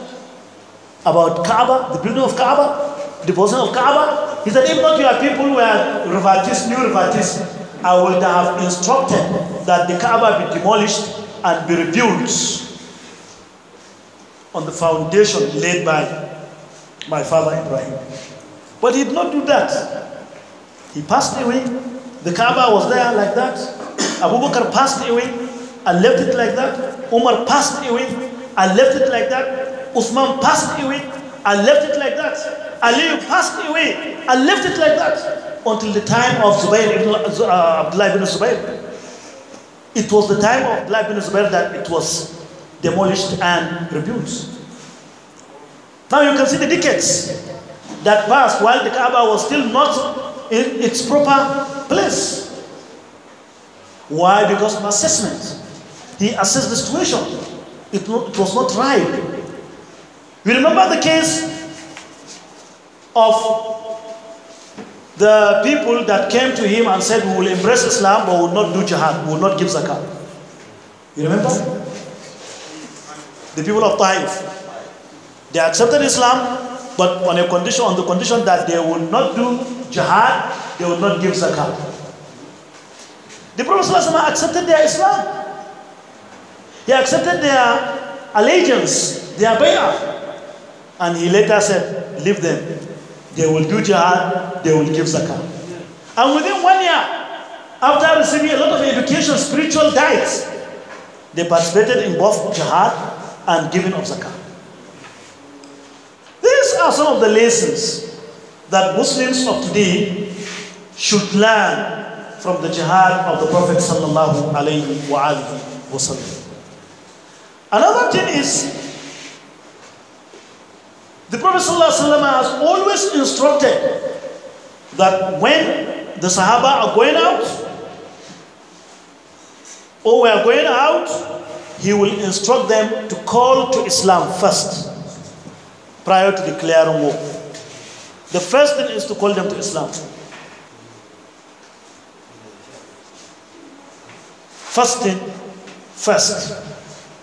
about Kaaba, the building of Kaaba, the person of Kaaba. He said, if not your people were revertists, new revertists, I would have instructed that the Kaaba be demolished and be rebuilt on the foundation laid by my father Ibrahim. But he did not do that. He passed away. The Kaaba was there like that. Abu Bakr passed away and left it like that. Umar passed away and left it like that. Usman passed away and left it like that. Ali passed away and left it like that until the time of Zubayr ibn, uh, uh Abdullah ibn It was the time of Abdullah ibn Zubair that it was demolished and rebuilt. Now you can see the decades that passed while the Kaaba was still not in its proper place. Why? Because of assessment. He assessed the situation. It, it was not right we remember the case of the people that came to him and said, We will embrace Islam but will not do jihad, we will not give zakat. You remember? The people of Taif. They accepted Islam, but on a condition, on the condition that they will not do jihad, they will not give zakat. The Prophet accepted their Islam. He accepted their allegiance, their bay'ah. And he later said, Leave them. They will do jihad, they will give zakah. And within one year, after receiving a lot of education, spiritual diets, they participated in both jihad and giving of zakah. These are some of the lessons that Muslims of today should learn from the jihad of the Prophet sallallahu alaihi wasallam. Another thing is the Prophet ﷺ has always instructed that when the Sahaba are going out, or we are going out, he will instruct them to call to Islam first prior to declaring war. The first thing is to call them to Islam. First thing, first,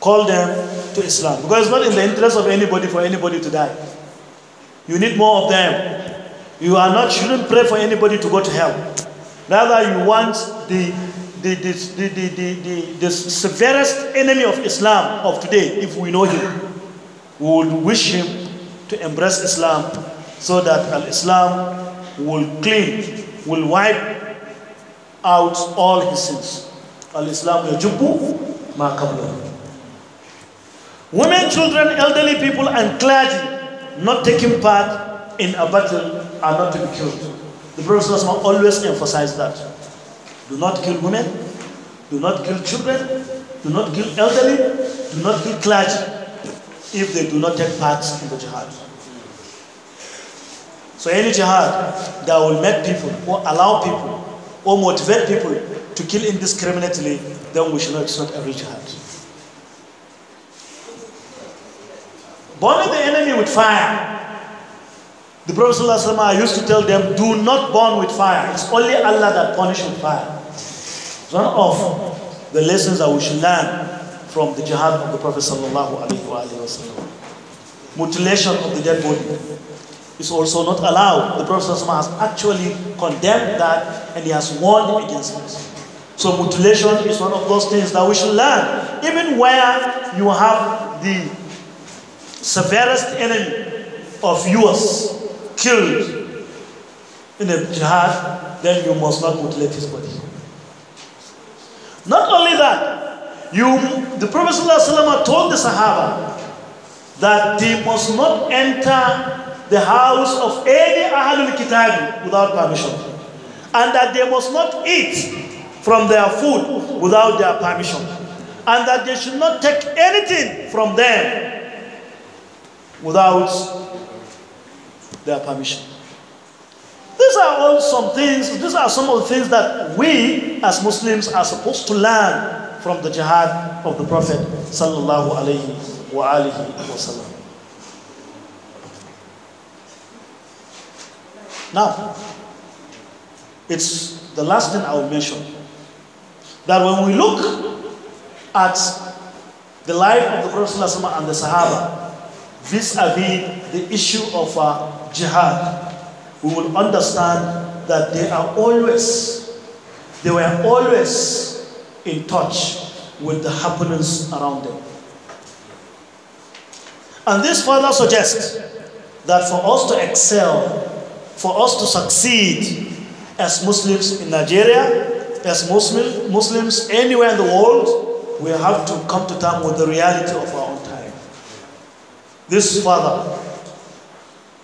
call them to Islam. Because it's not in the interest of anybody for anybody to die. You need more of them. You are not shouldn't pray for anybody to go to hell. Rather, you want the the, the, the, the, the, the, the severest enemy of Islam of today, if we know him, we would wish him to embrace Islam so that Al Islam will clean, will wipe out all his sins. Al Islam yajubu ma Women, children, elderly people, and clergy not taking part in a battle are not to be killed. The Prophet always emphasized that. Do not kill women, do not kill children, do not kill elderly, do not kill clergy if they do not take part in the jihad. So any jihad that will make people or allow people or motivate people to kill indiscriminately, then we should not, it's every jihad. Burn the enemy with fire. The Prophet ﷺ used to tell them, do not burn with fire. It's only Allah that punishes with fire. It's one of the lessons that we should learn from the jihad of the Prophet ﷺ. Mutilation of the dead body is also not allowed. The Prophet ﷺ has actually condemned that and he has warned against it. So mutilation is one of those things that we should learn. Even where you have the severest enemy of yours killed in a jihad, then you must not mutilate his body. Not only that, you, the Prophet ﷺ told the Sahaba that they must not enter the house of any Ahlul Kitab without permission, and that they must not eat from their food without their permission, and that they should not take anything from them without their permission. These are all some things, these are some of the things that we as Muslims are supposed to learn from the jihad of the Prophet. Sallallahu wasallam. Now, it's the last thing I will mention that when we look at the life of the Prophet and the Sahaba, vis-a-vis the issue of uh, jihad, we will understand that they are always, they were always in touch with the happenings around them. And this further suggests that for us to excel, for us to succeed as Muslims in Nigeria, as Muslim, Muslims anywhere in the world, we have to come to terms with the reality of our this further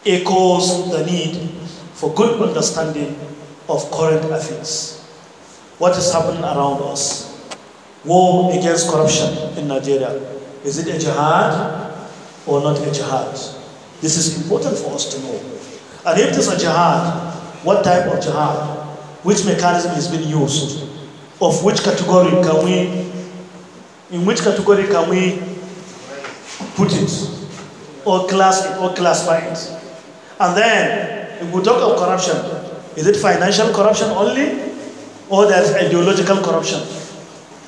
echoes the need for good understanding of current affairs. What is happening around us? War against corruption in Nigeria. Is it a jihad or not a jihad? This is important for us to know. And if it is a jihad, what type of jihad? Which mechanism is being used? Of which category can we, in which category can we put it? all class in all class finds. And then, if we talk of corruption, is it financial corruption only? Or there's ideological corruption?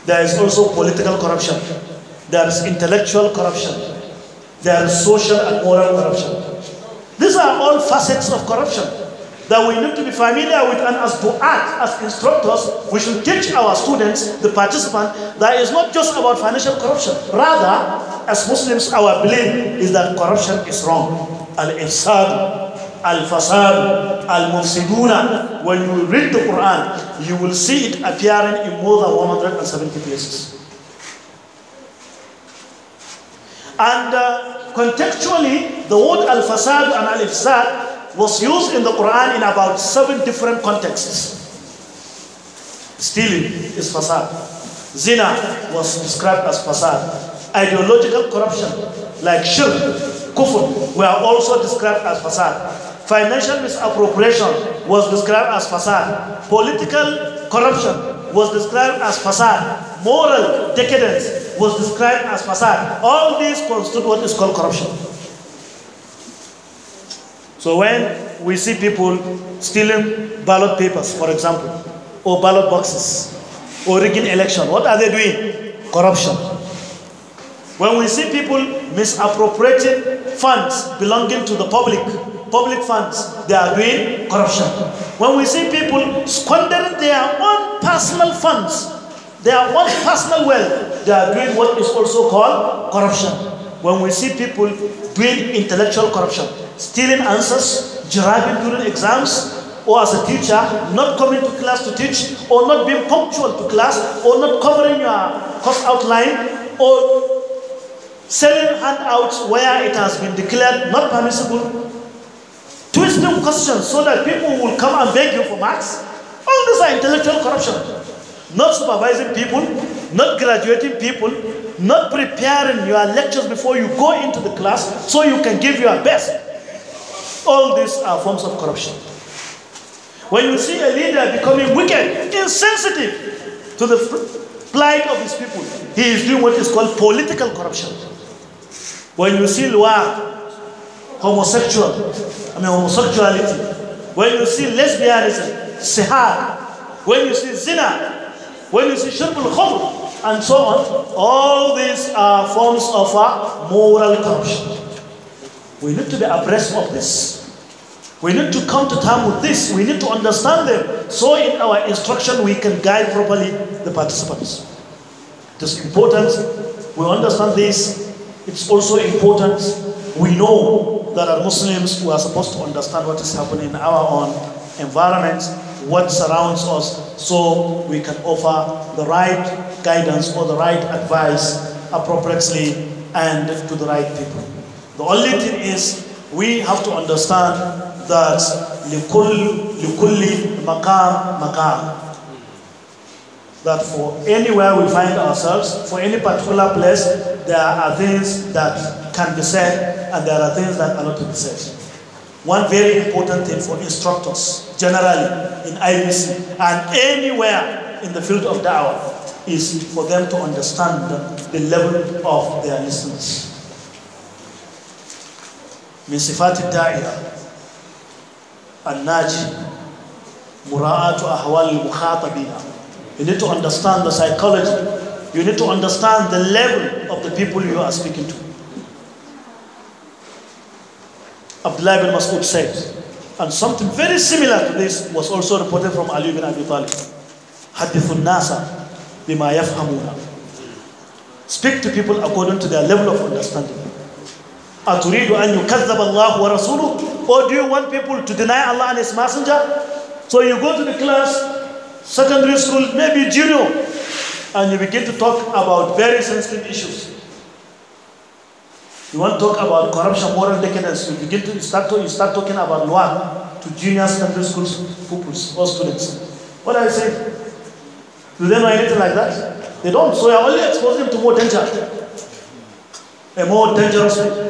There is also political corruption. There is intellectual corruption. There is social and moral corruption. These are all facets of corruption that we need to be familiar with and as act as instructors, we should teach our students, the participant, that it's not just about financial corruption. Rather, as Muslims, our belief is that corruption is wrong. Al-ifsad, al-fasad, al-mufsiduna. When you read the Quran, you will see it appearing in more than 170 places. And uh, contextually, the word al-fasad and al-ifsad was used in the Quran in about seven different contexts. Stealing is facade. Zina was described as facade. Ideological corruption, like shirk, kufr, were also described as facade. Financial misappropriation was described as facade. Political corruption was described as facade. Moral decadence was described as facade. All these constitute what is called corruption. So when we see people stealing ballot papers, for example, or ballot boxes, or rigging election, what are they doing? Corruption. When we see people misappropriating funds belonging to the public, public funds, they are doing corruption. When we see people squandering their own personal funds, their own personal wealth, they are doing what is also called corruption when we see people doing intellectual corruption, stealing answers, driving during exams, or as a teacher, not coming to class to teach, or not being punctual to class, or not covering your course outline, or selling handouts where it has been declared not permissible, twisting questions so that people will come and beg you for marks. All these are intellectual corruption. Not supervising people, not graduating people, not preparing your lectures before you go into the class so you can give your best. All these are forms of corruption. When you see a leader becoming wicked, insensitive to the plight of his people, he is doing what is called political corruption. When you see Lua, homosexual, I mean homosexuality, when you see lesbianism, sihar, when you see zina, when you see shirk al and so on. All these are forms of a uh, moral corruption. We need to be abreast of this. We need to come to terms with this. We need to understand them. So, in our instruction, we can guide properly the participants. It is important we understand this. It's also important we know that are Muslims, who are supposed to understand what is happening in our own environment, what surrounds us, so we can offer the right guidance or the right advice appropriately and to the right people. The only thing is we have to understand that that for anywhere we find ourselves, for any particular place, there are things that can be said and there are things that are not to be said. One very important thing for instructors, generally in IBC and anywhere in the field of da'wah, is for them to understand the level of their listeners. من صفات الداعية الناجي مراعاة أحوال المخاطبين You need to understand the psychology. You need to understand the level of the people you are speaking to. Abdullah ibn Mas'ud said, and something very similar to this was also reported from Ali ibn Abi Talib. حدث الناس bima yafhamuna speak to people according to their level of understanding aturidu an yukazzaba Allah wa rasuluh or do you want people to deny Allah and his messenger so you go to the class secondary school maybe junior and you begin to talk about very sensitive issues you want to talk about corruption, moral decadence, you begin to you start, to, you start talking about law to junior secondary school pupils or students. What are you saying? Do they know anything like that? They don't. So you are only exposing them to more danger, a more dangerous way.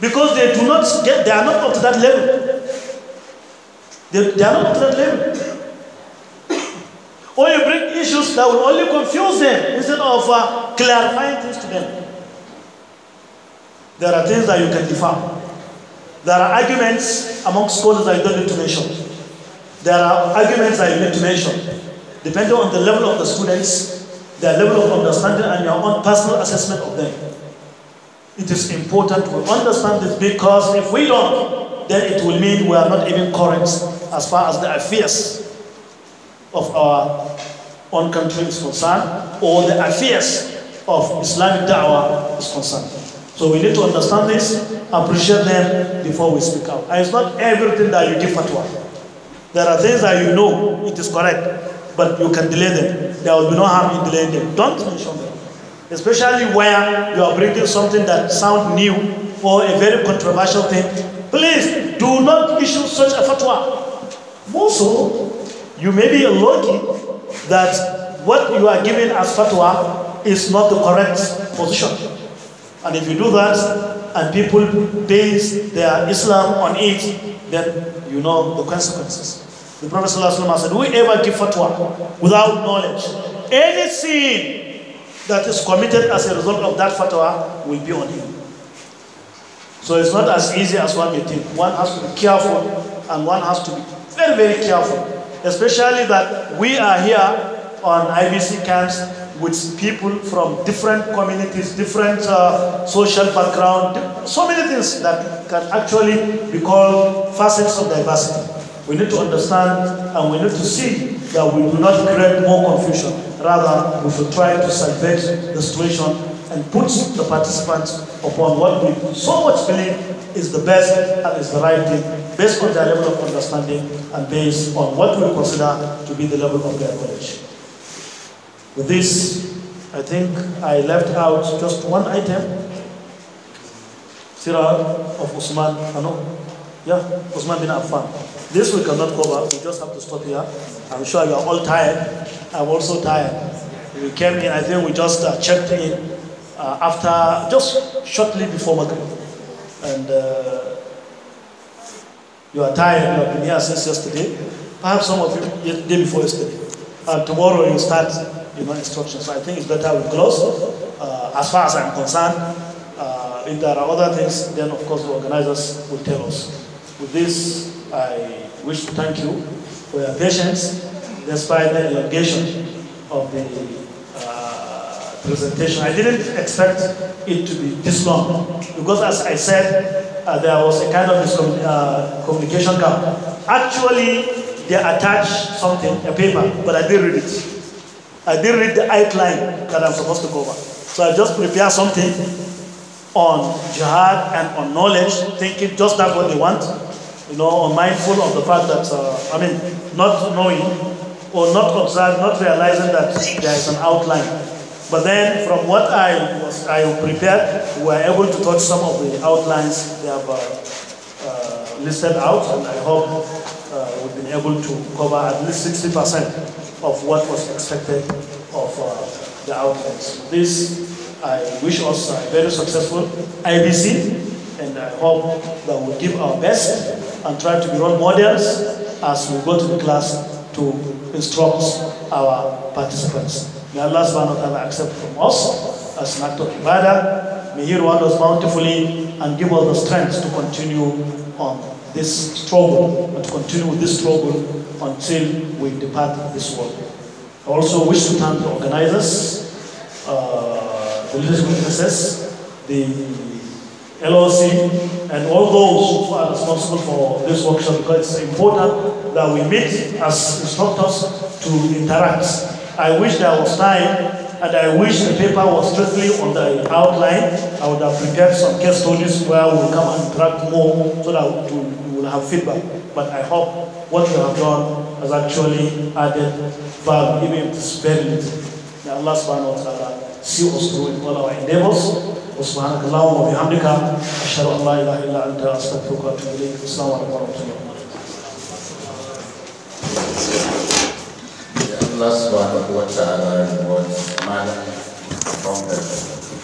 Because they do not get, they are not up to that level. They, they are not up to that level. Or you bring issues that will only confuse them instead of uh, clarifying things to them. There are things that you can defend. There are arguments among scholars that you don't need to mention. There are arguments that you need to mention depending on the level of the students, their level of understanding, and your own personal assessment of them. It is important to understand this because if we don't, then it will mean we are not even current as far as the affairs of our own country is concerned or the affairs of Islamic da'wah is concerned. So we need to understand this, appreciate them before we speak out. And it's not everything that you give fatwa. There are things that you know it is correct, but you can delay them. There will be no harm in delaying them. Don't mention them. Especially where you are bringing something that sounds new or a very controversial thing. Please do not issue such a fatwa. Also, you may be lucky that what you are giving as fatwa is not the correct position. And if you do that and people base their Islam on it, then you know the consequences. The Prophet ﷺ said, Whoever give fatwa without knowledge, any sin that is committed as a result of that fatwa will be on him. So it's not as easy as one may think. One has to be careful and one has to be very, very careful. Especially that we are here on IBC camps with people from different communities, different uh, social background, so many things that can actually be called facets of diversity. We need to understand and we need to see that we do not create more confusion. Rather, we should try to salvage the situation and put the participants upon what we so much believe is the best and is the right thing based on their level of understanding and based on what we consider to be the level of their knowledge. With this, I think I left out just one item. Sirah of Usman, I know. Yeah, Usman bin Affan. This we cannot cover. We just have to stop here. I'm sure you are all tired. I'm also tired. We came in, I think we just uh, checked in uh, after, just shortly before Maghrib. And uh, you are tired, you have been here since yesterday. Perhaps some of you, the day before yesterday. And uh, tomorrow you start, you know, instructions. So I think it's better we close. Uh, as far as I'm concerned, uh, if there are other things, then of course the organizers will tell us. With this, I wish to thank you for your patience despite the elongation of the uh, presentation. I didn't expect it to be this long because, as I said, uh, there was a kind of uh, communication gap. Actually, they attached something, a paper, but I didn't read it. I didn't read the outline that I'm supposed to cover. So I just prepared something on jihad and on knowledge, thinking just that what they want you know, or mindful of the fact that, uh, I mean, not knowing or not observing, not realizing that there is an outline. But then, from what I was, I prepared, we were able to touch some of the outlines they have uh, uh, listed out, and I hope uh, we've been able to cover at least 60% of what was expected of uh, the outlines. This, I wish us a very successful IBC, and I hope that we give our best and try to be role models as we go to the class to instruct our participants. May Allah subhanahu wa ta'ala accept from us as an act of ibadah. May He reward us bountifully and give us the strength to continue on this struggle and to continue with this struggle until we depart this world. I also wish to thank the organizers, uh, the leadership witnesses, the LOC, and all those who are responsible for this workshop because it's important that we meet as instructors to interact. I wish there was time and I wish the paper was strictly on the outline. I would have prepared some case studies where we'll come and interact more so that we will have feedback. But I hope what you have done has actually added value, even if it's very little. May Allah subhanahu wa ta'ala see us through in all our endeavors. وسبحانك اللهم وبحمدك أشهد أن لا إله إلا أنت أستغفرك وأتوب إليك السلام عليكم ورحمة الله Allah subhanahu wa ta'ala rewards man from the